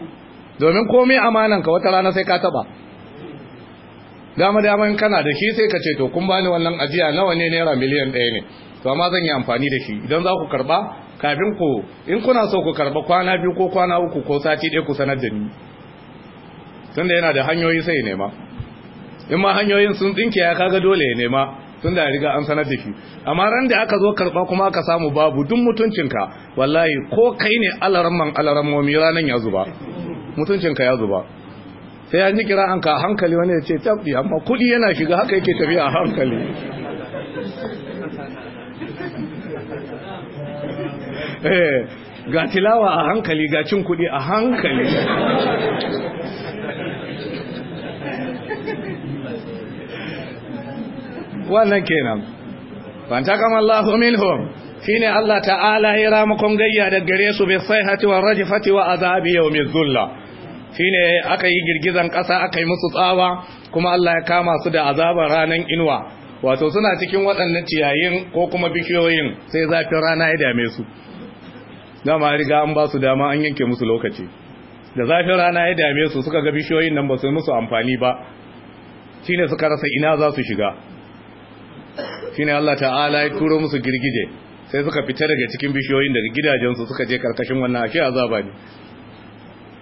domin komai amanan ka wata rana sai ka taba dama dama in kana da shi sai ka ce to kun bani wannan ajiya nawa ne naira miliyan ɗaya ne to amma zan yi amfani da shi idan za ku karba kafin ku in kuna so ku karba kwana biyu ko kwana uku ko sati ɗaya ku sanar da ni tunda yana da hanyoyi sai ya nema in ma hanyoyin sun tsinke ya kaga dole ya nema tun da riga an sanar da shi amma ran da aka zo karba kuma aka samu babu duk mutuncinka wallahi ko kai ne alaramman alaramomi ranan ya zuba mutuncinka ya zuba sai an ji kira an ka hankali wani ya ce tabbi amma kudi yana shiga haka yake tafiya a hankali eh, ga tilawa a hankali ga cin kudi a hankali wannan kenan fanta kama Allahu minhum shine Allah ta'ala ya ramakon gayya da gare su bi sayhati wa rajfati wa azabi yawmi zulla shine aka yi girgizan kasa aka yi musu tsawa kuma Allah ya kama su da azabar ranan inuwa wato suna cikin waɗannan ciyayin ko kuma bishiyoyin sai zafin rana ya dame su dama riga an ba su dama an yanke musu lokaci da zafin rana ya dame su suka ga bishiyoyin nan ba su musu amfani ba shine suka rasa ina za su shiga shine Allah ta'ala ya turo musu girgije sai suka fita daga cikin bishiyoyin daga gidajensu suka je karkashin wannan ashe azaba ne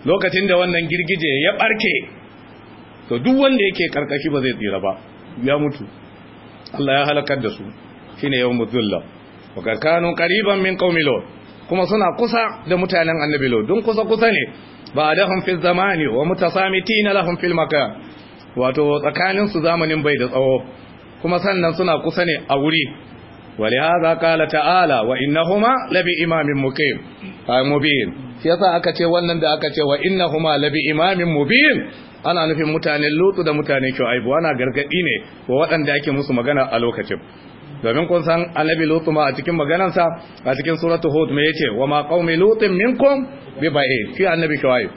lokacin da wannan girgije ya barke to duk wanda yake karkashi ba zai tsira ba ya mutu Allah ya halakar da su shine yawmu dhulla wa karkanu qariban min qaumi lut kuma suna kusa da mutanen annabi lut dun kusa kusa ne ba adahum fi zamani wa mutasamitin lahum fil makan wato tsakanin su zamanin bai da tsawo kuma sannan suna kusa ne a wuri ولهذا قال تعالى وإنهما لبإمام مقيم مبين shi yasa aka ce wannan da aka ce wa innahuma labi imamin mubin ana nufin mutanen lutu da mutanen shu'aibu ana gargadi ne wa waɗanda ake musu magana a lokacin domin kun san annabi lutu ma a cikin sa a cikin suratul hud me yace wa ma qaumi lutin minkum bi ba'i fi annabi shu'aib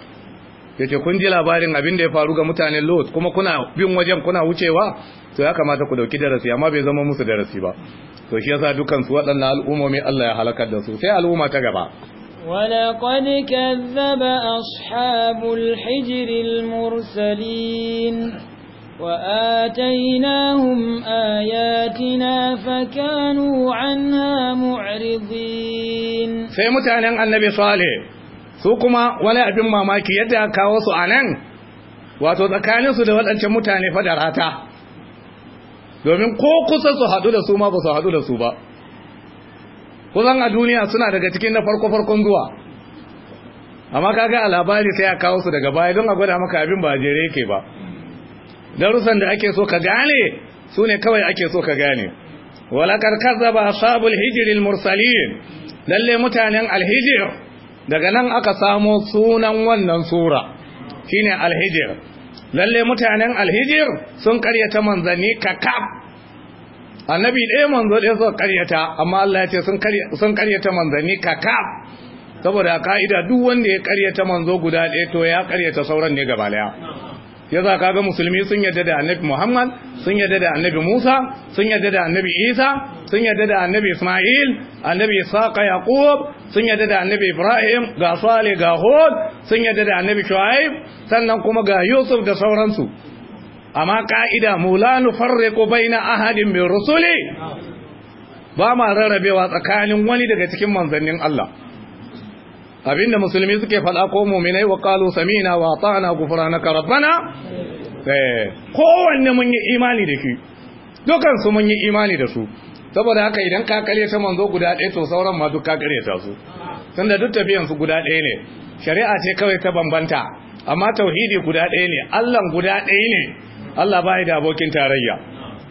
yace kun ji labarin abin da ya faru ga mutanen lut kuma kuna bin wajen kuna wucewa to ya kamata ku dauki darasi amma bai zama musu darasi ba to shi yasa dukan su waɗannan al'ummomi Allah ya halakar da su sai al'umma ta gaba ولقد كذب أصحاب الحجر المرسلين وآتيناهم آياتنا فكانوا عنها معرضين في متعلن النبي صالح سوكما ولا أبن ماماكي يدعك وصعنا وتذكانس لولد أنت متعني فدراتا domin ko kusa su haɗu da su ma ba su haɗu da su ba kusan a duniya suna daga cikin na farko-farkon zuwa amma kaga a labari sai a kawo su daga baya don a gwada maka abin ba jere yake ba darussan da ake so ka gane su ne kawai ake so ka gane walakar ba ashabul hijril mursalin lalle mutanen alhijir daga nan aka samo sunan wannan sura shine alhijir lalle mutanen alhijir sun karyata manzani kakab annabi ɗaya manzo ɗaya suka karyata amma Allah ya ce sun karyata manzanni kaka saboda ka'ida duk wanda ya karyata manzo guda ɗaya to ya karyata sauran ne gaba za ka ga musulmi sun yadda da annabi Muhammad sun yadda da annabi Musa sun yadda da annabi Isa sun yadda da annabi Ismail annabi Isaka Yaqub sun yadda da annabi Ibrahim ga Saleh ga Hud sun yadda da annabi Shu'aib sannan kuma ga Yusuf da sauransu amma ka'ida mulanu farriqu ko baina ahadin min rusuli ba ma rarrabewa tsakanin wani daga cikin manzannin Allah abinda musulmi suke faɗa ko mu'minai wa qalu sami'na wa ata'na ghufranaka rabbana ko eh, kowanne mun yi imani da shi dukan su mun yi imani da su saboda haka idan ka kare ta manzo guda ɗaya to sauran ma duk ka kare ta su tunda duk tafiyan su guda ɗaya ne shari'a ce kawai ta bambanta amma tauhidi guda ɗaya ne Allah guda ɗaya ne Allah bai da abokin tarayya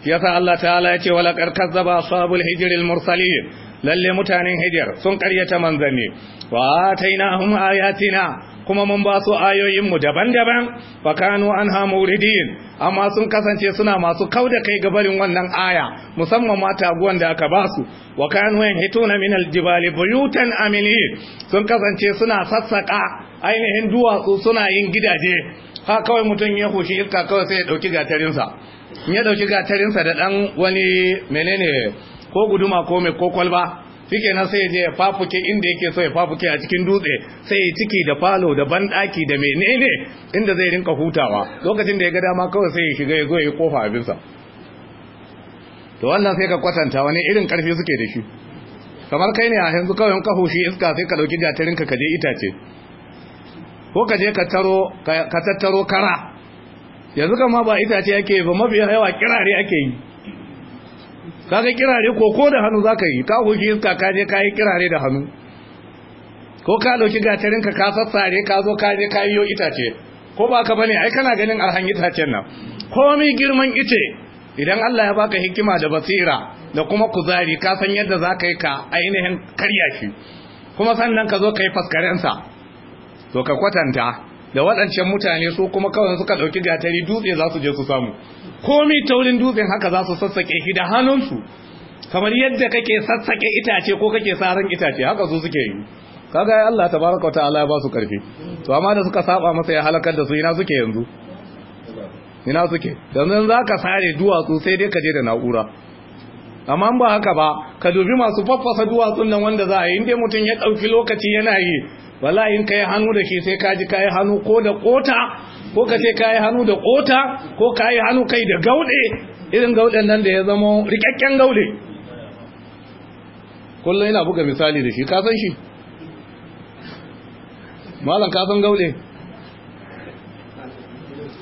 Ya sa Allah ta'ala ya ce wala karkazaba ashabul hijril mursalin lalle mutanen hijir sun karyata manzanni wa atainahum ayatina kuma mun ba su ayoyinmu daban-daban fa kanu anha muridin amma sun kasance suna masu kau da kai gabarin wannan aya musamman mata taguwan da aka ba su wa kanu yanhituna min aljibali buyutan aminin sun kasance suna sassaka ainihin duwatsu suna yin gidaje ha kawai mutum ya hushi iska kawai sai ya dauki gatarinsa ya dauki gatarinsa da dan wani menene ko guduma ko mai ko kwalba na sai je ya fafuke inda yake so ya fafuke a cikin dutse sai ya ciki da falo da bandaki da menene inda zai rinka hutawa lokacin da ya ga dama kawai sai ya shiga ya zo ya kofa abinsa to wannan sai ka kwatanta wani irin karfi suke da shi kamar kai ne a yanzu kawai in ka hushi iska sai ka dauki gatarinka ka je itace ko ka je ka taro tattaro kara yanzu kama ba itace ake ba mafi yawa kirare ake yi kaga kirare ko ko da hannu zaka yi ka goge iska ka je ka yi kirare da hannu ko ka dauki gatarin ka ka sassare ka zo ka je ka yi yo itace ko ba ka bane ai kana ganin arhan itacen nan komai girman ice idan Allah ya baka hikima da basira da kuma kuzari ka san yadda za ka yi ka ainihin karya shi kuma sannan ka zo ka yi faskarensa to ka kwatanta da waɗancan mutane su kuma kawai suka ɗauki gatari dutse za su je su samu komi taurin dutsen haka za su sassaƙe shi da hannunsu kamar yadda kake sassaƙe itace ko kake ran itace haka su suke yi kaga ya Allah tabaraka wa ta'ala ya ba su karfi to amma da suka saba masa ya halakar da su ina suke yanzu ina suke yanzu za ka sare duwatsu sai dai ka je da na'ura amma ba haka ba ka dubi masu faffasa duwatsun nan wanda za a yi inda mutum ya ɗauki lokaci yana yi Wala in kai hannu da shi sai ka ji kai hannu ko da kota ko ka ce kai hannu da kota ko kai hannu kai da gaude irin gauden nan da ya zama rikakken gaude kullum ina buga misali da shi ka san shi malam ka san gaude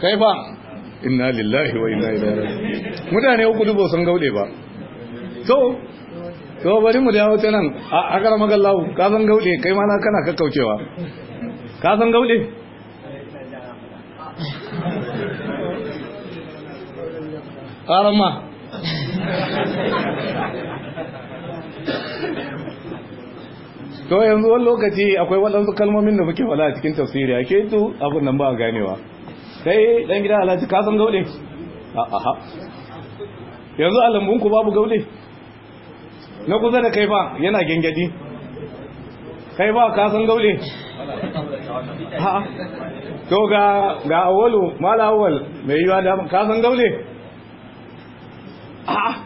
kai fa inna lillahi wa inna ilaihi raji'un mutane uku dubo san gaude ba so to bari mu dawo ta nan a akara magallahu ka san gaude kai ma na kana kakkaucewa ka san gaude arama to yanzu wani lokaci akwai waɗansu kalmomin da muke wala cikin tafsiri a ketu abin nan ba a ganewa sai ɗan gida alhaji ka san gaude yanzu a lambunku babu gaude na kusa da kai ba yana gengadi kai ba ka san gaule to ga ga awalu mala awal mai yiwa da ka san gaule ha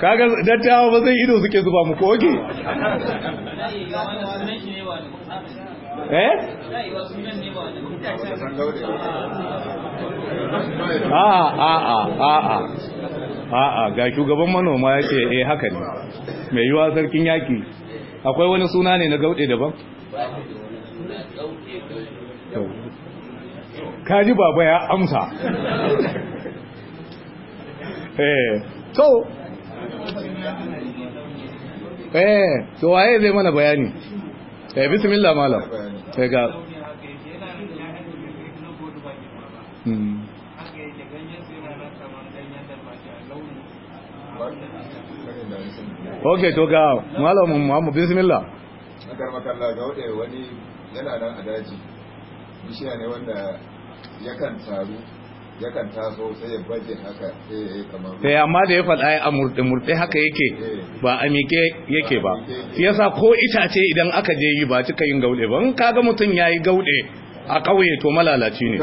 kaga dattawa ba zai ido suke zuba muku oke eh a a a a a'a ga shugaban manoma ya ce eh haka ne mai yiwa sarkin yaki akwai wani suna ne na gauɗe daban kaji baba ya amsa eh to eh to waye zai mana bayani eh bismillah malam sai ga ok to ga malamin muhammad bismillah na ga wadda wani yana nan a daji bishiya ne wanda yakan taru yakan taso sai ya baje haka sai ya yi kamar sai eh, amma da ya faɗa ya murde-murde haka eh. yake ba a miƙe yake ba yasa ko itace idan aka je yi ba cika yin gauɗe ba in kaga mutum ya yi gauɗe a ƙauye to malalaci ne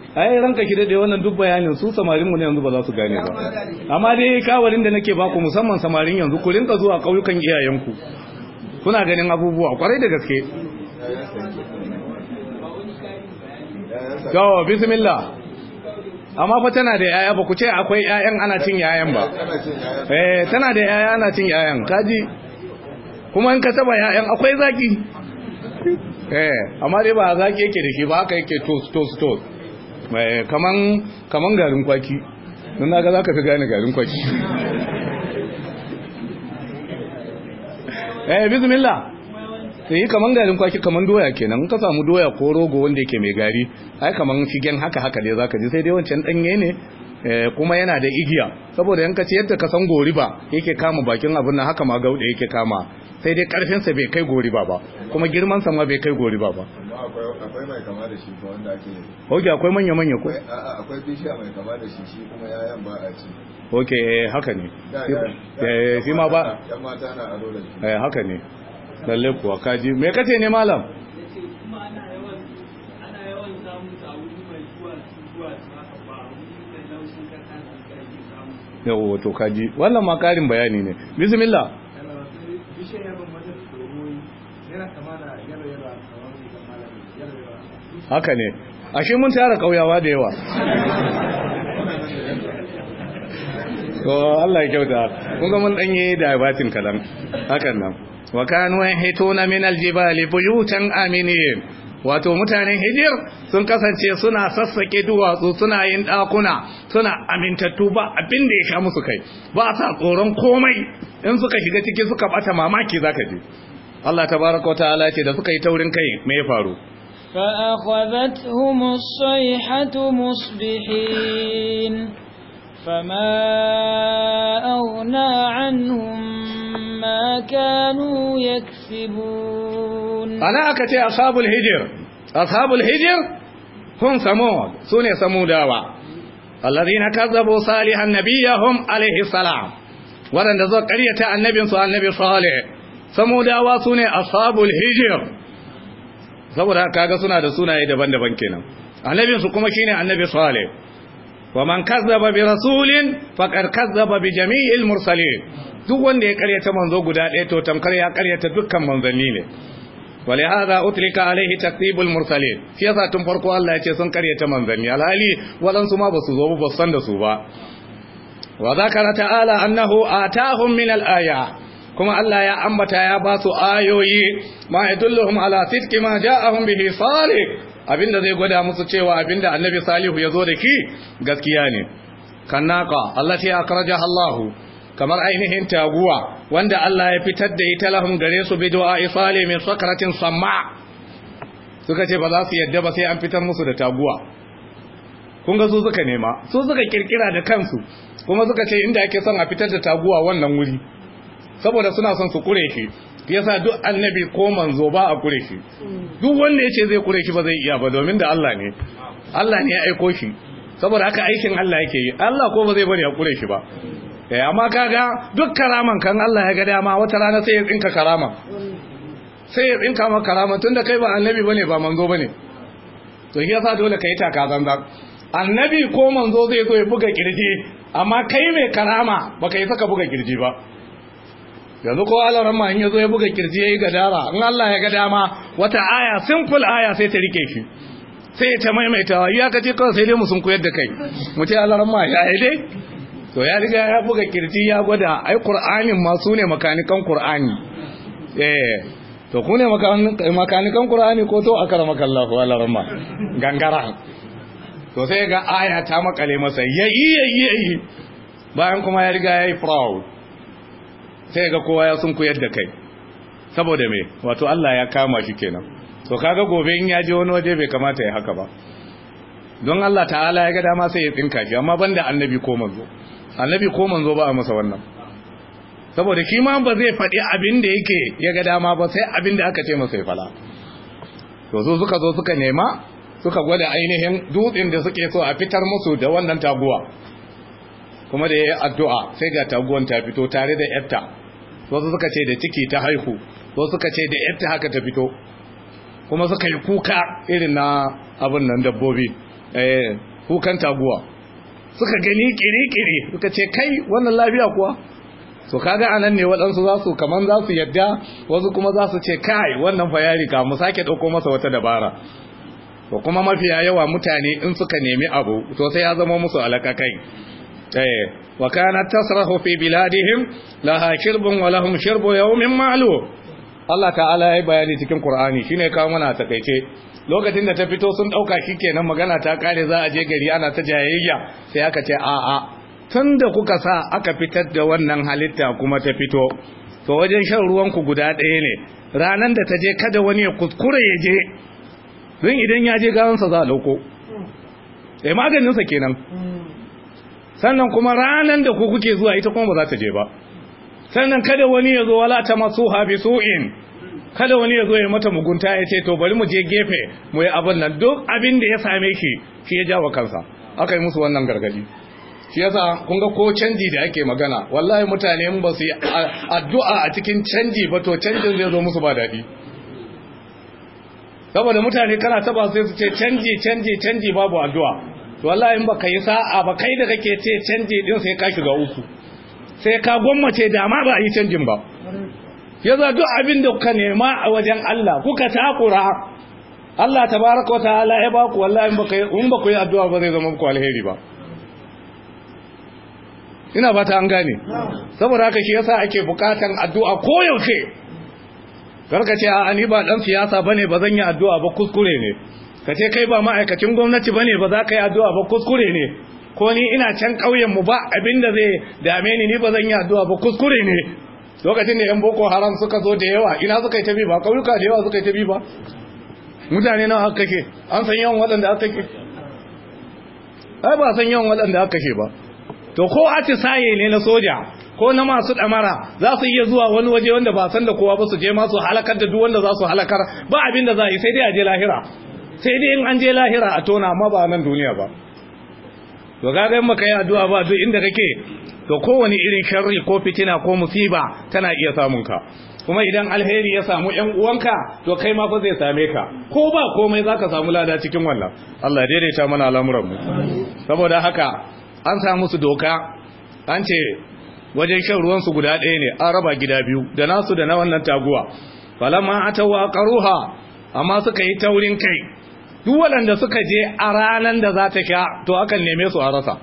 ai ranka shi daidai wannan duk bayanin su samarin mu ne yanzu ba za su gane ba amma dai kawarin da nake baku musamman samarin yanzu ku rinka zuwa kauyukan iyayenku kuna ganin abubuwa kwarai da gaske yawa bismillah amma fa tana da yaya ba ku ce akwai yayan ana cin yayan ba eh tana da yaya ana cin yayan kaji kuma in ka taba yayan akwai zaki eh amma dai ba zaki yake da shi ba haka yake toast toast toast Eh, kaman garin kwaki don naga za ka fi gane garin kwaki eh bismillah sai kaman garin kwaki kaman doya kenan ka samu doya ko rogo wanda yake mai gari ai kaman shigen haka haka dai zaka ji sai dai wancan danye ne eh, kuma yana da igiya saboda yanka ce yadda ka san gori ba yake kama bakin abin nan haka ma gauda yake kama sai dai karfinsa bai kai gori ba ba kuma girman sa ma bai kai gori ba ba akwai mai kama da shi ba wanda ake oke akwai manya manya ko akwai bishiya mai kama da shi shi kuma yayan ba a ci oke eh, haka ne eh, eh shi ma ba yan mata na aro da shi eh, haka ne lalle kuwa kaji me kace ne malam yawo wato kaji wannan ma karin bayani ne bismillah haka ne ashe mun tara kauyawa da yawa ko Allah ya kyauta mun ga mun danye da batin kalam hakan nan wa kanu yahituna min aljibali buyutan aminin wato mutanen hijir sun kasance suna sassake duwatsu suna yin ɗakuna suna amintattu ba abin da ya sha musu kai ba sa tsoron komai in suka shiga ciki suka bata mamaki zaka je Allah tabaraka wa ta'ala ce da suka yi taurin kai me ya faru فأخذتهم الصيحة مصبحين فما أغنى عنهم ما كانوا يكسبون أنا أكتي أصحاب الهجر أصحاب الهجر هم ثمود سنة ثموداوة الذين كذبوا صالحا نبيهم عليه السلام ورندزوا قرية النبي صالح النبي صالح ثموداوة سنة أصحاب الهجر saboda ga suna da sunaye daban-daban kenan annabin su kuma shine annabi salih wa man kazzaba bi rasulin faqad kazzaba bi jami'il mursalin duk wanda ya karya ta manzo guda ɗaya to tamkar ya karyata dukkan manzanni ne wale hada utlika alaihi takdibul mursalin shi yasa tun farko Allah ya ce sun karyata manzanni alhali wadansu ma basu zo basu san da su ba wa zakara ta'ala annahu atahum min al-aya kuma Allah ya ambata ya ba su ayoyi ma idulluhum ala sidqi ma ja'ahum bihi salih abinda zai gwada musu cewa abinda annabi salihu ya zo da ki gaskiya ne kannaka allati akrajaha Allah kamar ainihin taguwa wanda Allah ya fitar da ita lahum gare su bi du'a salih min sakratin samma suka ce ba za su yadda ba sai an fitar musu da taguwa kun ga su suka nema su suka kirkira da kansu kuma suka ce inda ake son a fitar da taguwa wannan wuri saboda suna son su kure shi yasa duk annabi ko manzo ba a kure shi duk wanda yace zai kure shi ba zai iya ba domin da Allah ne Allah ne ya aiko shi saboda haka aikin Allah yake yi Allah ko ba zai bari a kure shi ba eh amma kaga duk karaman kan Allah ya ga dama wata rana sai ya tsinka karama sai ya tsinka maka karama tunda kai ba annabi bane ba manzo bane to yasa dole kai taka zanzan annabi ko manzo zai zo ya buga kirji amma kai mai karama baka yi saka buga kirji ba yanzu ko Allah rahma in yazo ya buga kirji yayi gadara in Allah ya ga dama wata aya simple aya sai ta rike shi sai ta maimaitawa ya ka ce kawai sai dai mu sun koyar da kai mu ce Allah rahma ya yi dai to ya riga ya buga kirji ya gwada ai qur'anin ma su ne makanikan qur'ani eh to ku ne makanikan qur'ani ko to akara makallahu Allah rahma gangara to sai ga aya ta makale masa yayi yayi yayi bayan kuma ya riga yayi proud sai ga kowa ya sun koyar da kai saboda me wato Allah ya kama shi kenan to kaga gobe in ya je wani waje bai kamata ya haka ba don Allah ta'ala ya ga dama sai ya tsinka shi amma banda annabi ko manzo annabi ko manzo ba a masa wannan saboda shi ma ba zai faɗi abin da yake ya ga dama ba sai abin da aka ce masa ya fala to so suka zo suka nema suka gwada ainihin dutsen da suke so a fitar musu da wannan taguwa kuma da ya yi addu'a sai ga taguwan ta fito tare da 'yatta. wasu suka ce da ciki ta haihu wasu suka ce da yadda haka ta fito kuma suka yi kuka irin na abin nan dabbobi eh kukan taguwa suka gani kiri-kiri suka ce kai wannan lafiya kuwa to kaga anan ne waɗansu za su kaman za su yadda wasu kuma za su ce kai wannan fayari, ya riga mu sake ɗauko masa wata dabara to kuma mafiya yawa mutane in suka nemi abu to sai ya zama musu alakakai eh wa kanat tasrahu fi biladihim wa lahum shirbu yawmin ma'lum Allah ta'ala ya yi bayani cikin Qur'ani shine kawo mana takeice lokacin da ta fito sun dauka kenan magana ta kare za a je gari ana ta jayayya sai aka ce a a tun da kuka sa aka fitar da wannan halitta kuma ta fito to wajen shan ruwan ku guda ɗaya ne ranan da ta je kada wani ya kuskure ya je don idan ya je gawansa za a dauko eh, maganin sa kenan sannan kuma ranan da ku kuke zuwa ita kuma ba za ta je ba sannan kada wani ya zo wala ta masu hafi su'in kada wani ya zo ya mata mugunta ya ce to bari mu je gefe mu yi abin nan duk abin da ya same shi shi ya jawo kansa aka yi musu wannan gargadi shi yasa kun ga ko canji da ake magana wallahi mutane ba su yi addu'a a cikin canji ba to canjin zai zo musu ba daɗi saboda mutane kana taba sai su ce canji canji canji babu addu'a to wallahi in baka yi sa'a ba kai da kake ce canji din sai ka shiga uku sai ka gwammace da ma ba a yi canjin ba yaza duk abin da kuka nema a wajen Allah kuka takura Allah tabaraka ta'ala ya baku wallahi in baka in baka yi addu'a ba zai zama ku alheri ba ina fata an gane saboda haka shi yasa ake bukatan addu'a koyaushe karka ce a ni ba dan siyasa bane ba zan yi addu'a ba kuskure ne ka ce kai ba ma'aikacin gwamnati ba ne ba za ka yi addu'a ba kuskure ne ko ni ina can ƙauyenmu ba abin da zai dame ni ni ba zan yi addu'a ba kuskure ne lokacin da yan boko haram suka zo da yawa ina suka yi tabi ba ƙauyuka da yawa suka yi tabi ba mutane nawa aka kake an san yawan waɗanda aka ke ai ba san yawan waɗanda aka ke ba to ko atisaye ne na soja ko na masu ɗamara za su iya zuwa wani waje wanda ba san da kowa ba su je masu halakar da duk wanda za su halakar ba abin da za a yi sai dai a je lahira sai dai in an je lahira a tona amma ba nan duniya ba to ga ga maka yi addu'a ba duk inda kake to kowane irin sharri ko fitina ko musiba tana iya samun ka kuma idan alheri ya samu ƴan uwanka to kai ma fa zai same ka ko ba komai zaka samu lada cikin wannan Allah ya daidaita mana al'amuran mu saboda haka an samu su doka an ce wajen shan ruwan su guda ɗaya ne an raba gida biyu da nasu da na wannan taguwa falamma atawa qaruha amma suka yi taurin kai duk waɗanda suka je a ranan da za ta sha to akan neme su a rasa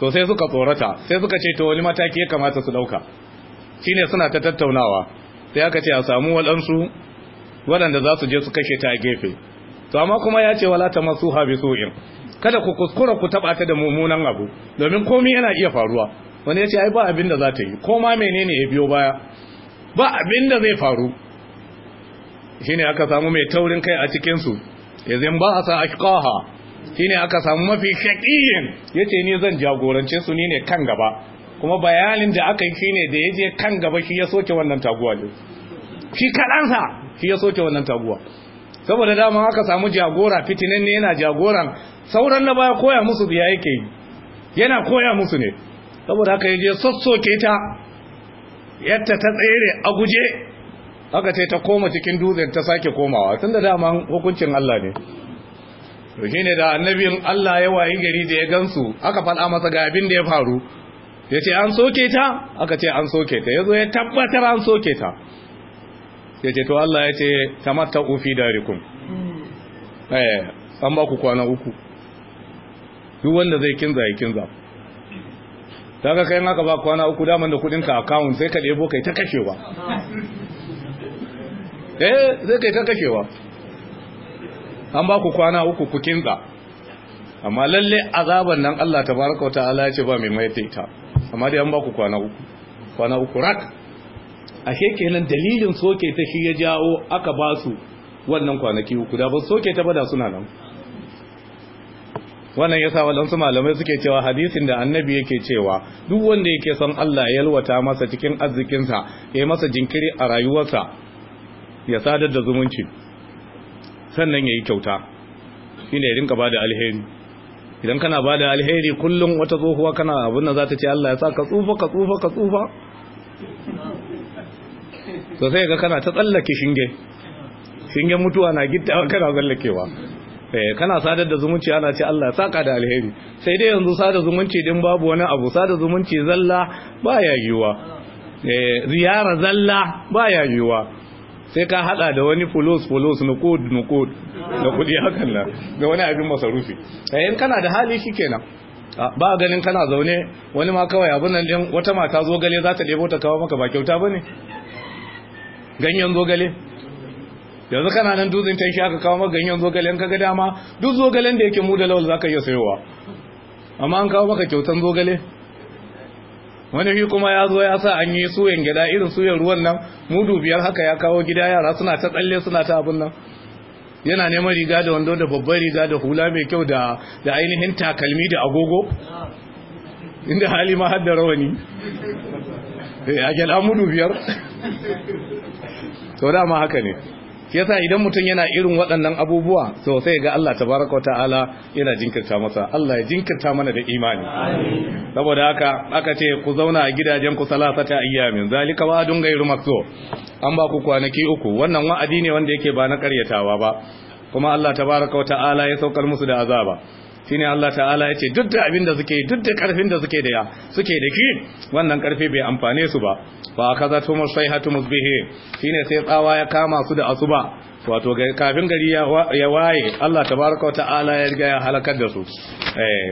so sai suka tsorata sai suka ce to wani mataki ya kamata su ɗauka shine suna ta tattaunawa sai aka ce a samu waɗansu waɗanda za su je su kashe ta a gefe to amma kuma ya ce wala ta masu habi su'in kada ku kuskura ku taɓa ta da mummunan abu domin komi yana iya faruwa wani ya ce ai ba abin da za ta yi ko ma menene ya biyo baya ba abin da zai faru shine aka samu mai taurin kai a cikinsu yanzu ba a sa ashqaha shine aka samu mafi shaqiyin yace ni zan jagorance su ni ne kan gaba kuma bayanin da aka yi shine da yaje kan gaba shi ya soke wannan taguwa ne shi kadansa shi ya soke wannan taguwa saboda dama aka samu jagora fitinin ne yana jagoran sauran na baya koya musu biya yake yi yana koya musu ne saboda haka yaje sassoke ta yadda ta tsere a guje aka ce ta koma cikin dutsen ta sake komawa tun da daman hukuncin Allah ne to ne da annabin Allah ya wayi gari da ya gansu aka fada masa ga abin da ya faru ya ce an soke ta aka ce an soke ta ya zo ya tabbatar an soke ta ya ce to Allah ya ce tamatta ufi darikum eh an ba ku kwana uku duk wanda zai kinza ya kinza daga kai aka ba kwana uku daman da kudinka account sai ka ɗebo kai ta kashewa eh zai kai ka kashewa an ba ku kwana uku ku kinza amma lalle azaban nan Allah tabaraka wa ta'ala ya ce ba mai mai ita amma dai an ba ku kwana uku kwana uku rak ashe kenan dalilin soke ta shi ya jawo aka ba su wannan kwanaki uku da ba soke ta bada suna nan wannan yasa waɗansu malamai suke cewa hadisin da annabi yake cewa duk wanda yake son Allah ya yalwata masa cikin arzikinsa ya yi masa jinkiri a rayuwarsa ya sadar da zumunci sannan ya yi kyauta shi ne rinka ba da alheri idan kana ba da alheri kullum wata tsohuwa kana abin da za ta ce Allah ya sa ka tsufa ka tsufa ka tsufa to sai ga kana ta tsallake shinge shingen mutuwa na gidda kana tsallakewa eh, kana sadar da zumunci ana ce Allah ya saka da alheri sai dai yanzu sadar zumunci din babu wani abu sadar zumunci zalla baya yiwa eh, ziyara zalla baya yiwa sai ka hada da wani fulos fulos na kod na kod na kudi hakan nan da wani abin masarufi yayin eh, kana da hali shi kenan ba ganin kana zaune wani ma kawai abin nan din wata mata zo gale za ta debo ta kawo maka ba kyauta bane ganyen zo gale yanzu kana nan dutsen ta shi aka kawo maka ganyen zo gale kaga dama duk zo galen da yake mu da lawal zaka iya sayowa amma an kawo maka kyautan zo gale wani shi kuma ya zo ya sa an yi suyan gida irin suyan ruwan nan mudu biyar haka ya kawo gida yara suna ta tsalle suna ta abin nan yana neman riga da wando da babban riga da hula mai kyau da ainihin takalmi da agogo inda hali ma har da rawani eh, a gyal mudu biyar sau dama haka ne shi yasa idan mutum yana irin waɗannan abubuwa to sai ga Allah tabaraka wa ta'ala yana jinkirta masa Allah ya jinkirta mana da imani saboda haka aka ce ku zauna a gidajen ku salasata ayyamin zalika wa'adun ghairu makso an ba ku kwanaki uku wannan wa'adi ne wanda yake ba na karyatawa ba kuma Allah tabaraka wa ta'ala ya saukar musu da azaba shine Allah ta'ala ya ce duk da abin da suke duk da karfin da suke da ya suke da ki wannan karfi bai amfane su ba Ba tu sai hatu musbihi Shin sai tsawa ya kama su da asuba wato kafin gari ya waye Allah tabaraka wa ta'ala ya riga ya halakar da su eh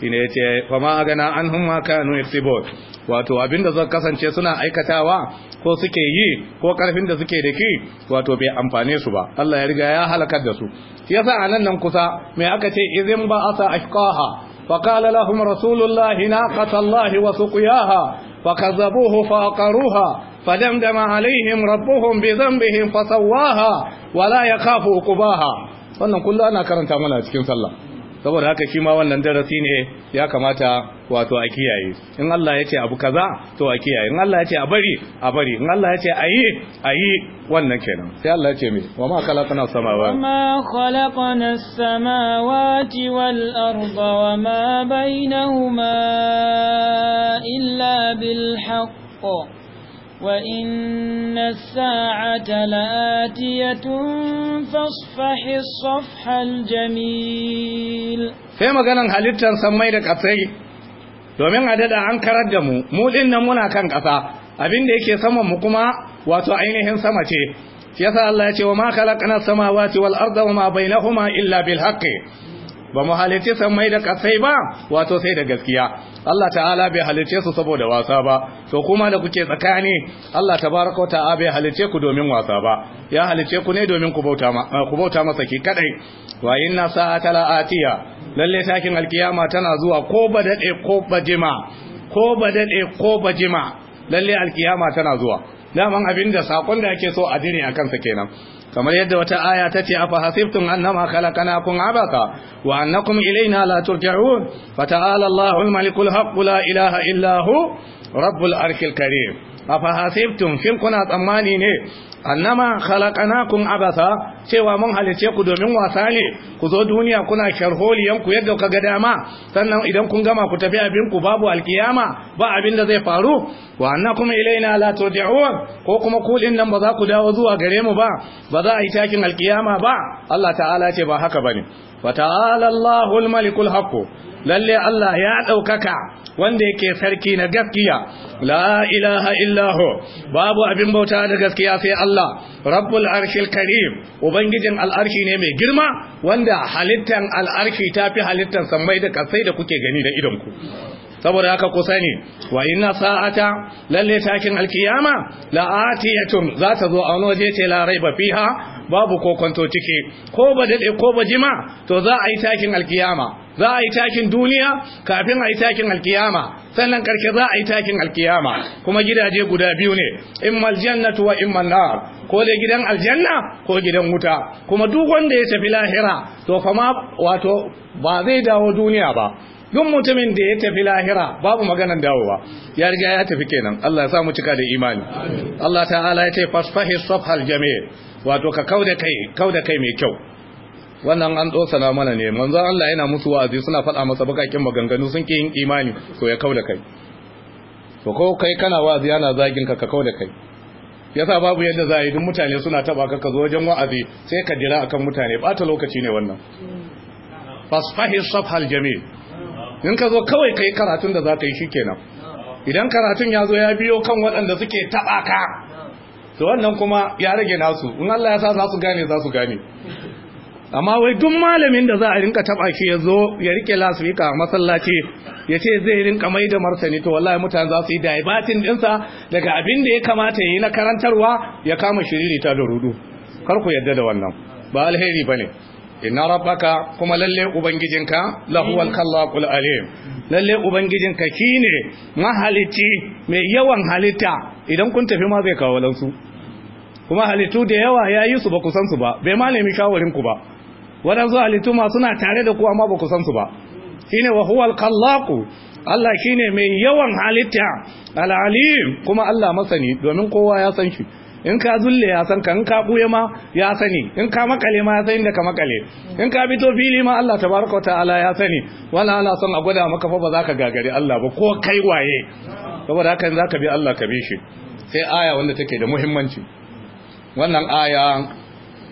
ya ce fa ma an hun ma kanu yaksibun wato abinda zai kasance suna aikatawa ko suke yi ko karfin da suke da ki wato bai amfane su ba Allah ya riga ya halakar da su yasa anan nan kusa me aka ce izin ba asa ashqaha فقال لهم رسول الله ناقة Fa وسقياها فكذبوه rabbuhum فدمدم عليهم ربهم بذنبهم فسواها ولا يخاف عقباها wannan kullu ana karanta mana cikin sallah saboda haka shi ma wannan darasi ne ya kamata wato a kiyaye in Allah ya ce abu kaza to a kiyaye in Allah ya ce a bari a bari in Allah ya ce a yi a yi wannan kenan sai Allah ya ce me wa ma khalaqna samawati wa ma khalaqna samawati wal arda wa ma bainahuma illa bil haqq وإن الساعة لآتية فاصفح الصفح الجميل sai maganan halittar san mai da katsai domin a dada an karar da mu mu din nan muna kan kasa abin da yake saman mu kuma wato ainihin sama ce shi yasa Allah ya ce wa ma khalaqna samawati wal arda wa ma bainahuma illa bil haqqi ba mu halice sammai da kasai ba wato sai da gaskiya Allah ta'ala bai halice su saboda wasa ba to kuma da kuke tsakani Allah tabaraka wa ta'ala bai halice ku domin wasa ba ya halice ku ne domin ku bauta masa ki kadai wa inna sa'ata la'atiya lalle takin alkiyama tana zuwa ko ba daɗe ko ba jima ko ba daɗe ko ba jima lalle alkiyama tana zuwa daman abinda sakon da ake so a jini a kansa kenan kamar yadda wata aya ta ce afa hasibtum annama khalaqnakum abaka wa annakum ilaina la turja'un fata'ala Allahul malikul haqq la ilaha illa hu rabbul arshil karim afa hasibtum shin kuna tsammani ne annama kun abasa cewa mun halice ku domin wasa ne ku zo duniya kuna sharholiyan ku yadda ga dama sannan idan kun gama ku tafi abin ku babu alkiyama ba abin da zai faru wa annakum ilaina la turja'un ko kuma ku din nan ba za ku dawo zuwa gare mu ba ba za a yi takin alkiyama ba Allah ta'ala ce ba haka bane fata'ala Allahul malikul haqqu lalle Allah ya ɗaukaka wanda yake sarki na gaskiya la ilaha illahu babu abin bauta da gaskiya sai Allah rabbul arshil karim ubangijin al'arshi ne mai girma wanda halittan al'arshi ta fi halittan sammai da kasai da kuke gani da idonku saboda haka ku sani wa inna sa'ata lalle takin alkiyama la'atiyatun za ta zo a wani waje ce la raiba fiha babu kokonto ciki ko ba daɗe ko ba jima to za a yi takin alkiyama za a yi takin duniya kafin a yi takin alkiyama sannan karshe za a yi takin alkiyama kuma gidaje guda biyu ne immal jannatu wa in nar ko dai gidan aljanna ko gidan wuta kuma duk wanda ya tafi lahira to fa ma wato ba zai dawo duniya ba duk mutumin da ya tafi lahira babu maganan dawowa ya riga ya tafi kenan Allah ya sa mu cika da imani Allah ta'ala ya ce fasfahi safhal jami' wato ka kau da kai kau da kai mai kyau wannan an na mana ne manzo Allah yana musu wa'azi suna faɗa masa bakakin maganganu sun kiyin yin imani to ya kau da kai to ko kai kana wa'azi yana zagin ka ka da kai yasa babu yadda za a yi duk mutane suna taba ka ka zo wajen wa'azi sai ka jira akan mutane bata lokaci ne wannan fasfahi safhal jamil in ka zo kawai kai karatun da za ka yi shikenan idan karatun ya zo ya biyo kan waɗanda suke taba ka to wannan kuma ya rage nasu in Allah ya sa za su gane za su gane amma wai duk malamin da za a rinka taba shi ya zo ya rike lasifika a masallaci ya ce zai rinka mai da martani to wallahi mutane za su yi daibatin dinsa daga abin da ya kamata ya yi na karantarwa ya kama shiriri ta da rudu kar ku yadda da wannan ba alheri ba ne inna rabbaka kuma lalle ubangijinka lahuwal kallaqul alim lalle ubangijinka shine mahalici mai yawan halitta idan kun tafi ma zai kawo lansu kuma halittu da yawa ya yi su ba ku su ba bai ma nemi shawarin ba waɗansu halittu ma suna tare da ku ma ba ku san su ba shine wa huwal kallaku Allah shi ne mai yawan halitta al'alim kuma Allah masani domin kowa ya san shi in ka zulle ya san ka in ka buye ma ya sani in ka makale ma ya san inda ka makale in ka fito fili ma Allah tabaraka ta'ala ya sani wala ala san a gwada maka fa ba za ka gagari Allah ba ko kai waye saboda haka za ka bi Allah ka bi shi sai aya wanda take da muhimmanci wannan aya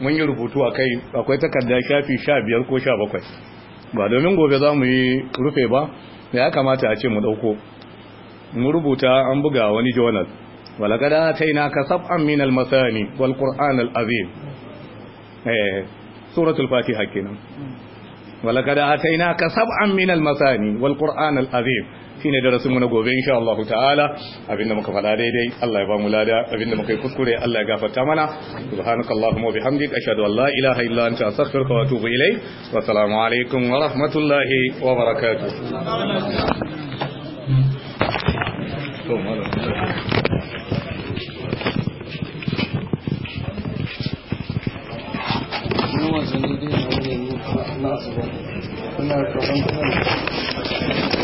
mun yi rubutu a kai akwai takarda shafi sha biyar ko sha bakwai ba domin gobe za mu yi rufe ba da ya kamata a ce mu ɗauko mu rubuta an buga wani journal walakada ta yi na ka sab'an min almasani wal qur'an al'azim eh suratul fatiha kenan walakada ta yi na ka sab'an min almasani wal qur'an al'azim shine darasin mu na gobe insha Allah ta'ala abinda muka fada daidai Allah ya ba mu lada abinda muka yi kuskure Allah ya gafarta mana subhanakallahumma wa bihamdika ashhadu an la ilaha illa anta astaghfiruka wa atubu ilayk wa assalamu wa rahmatullahi wa barakatuh Thank you.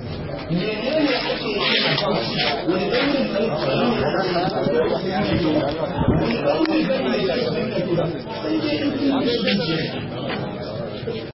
menene ake wani ɗaurin ɗaurin ɗaurin ɗaurin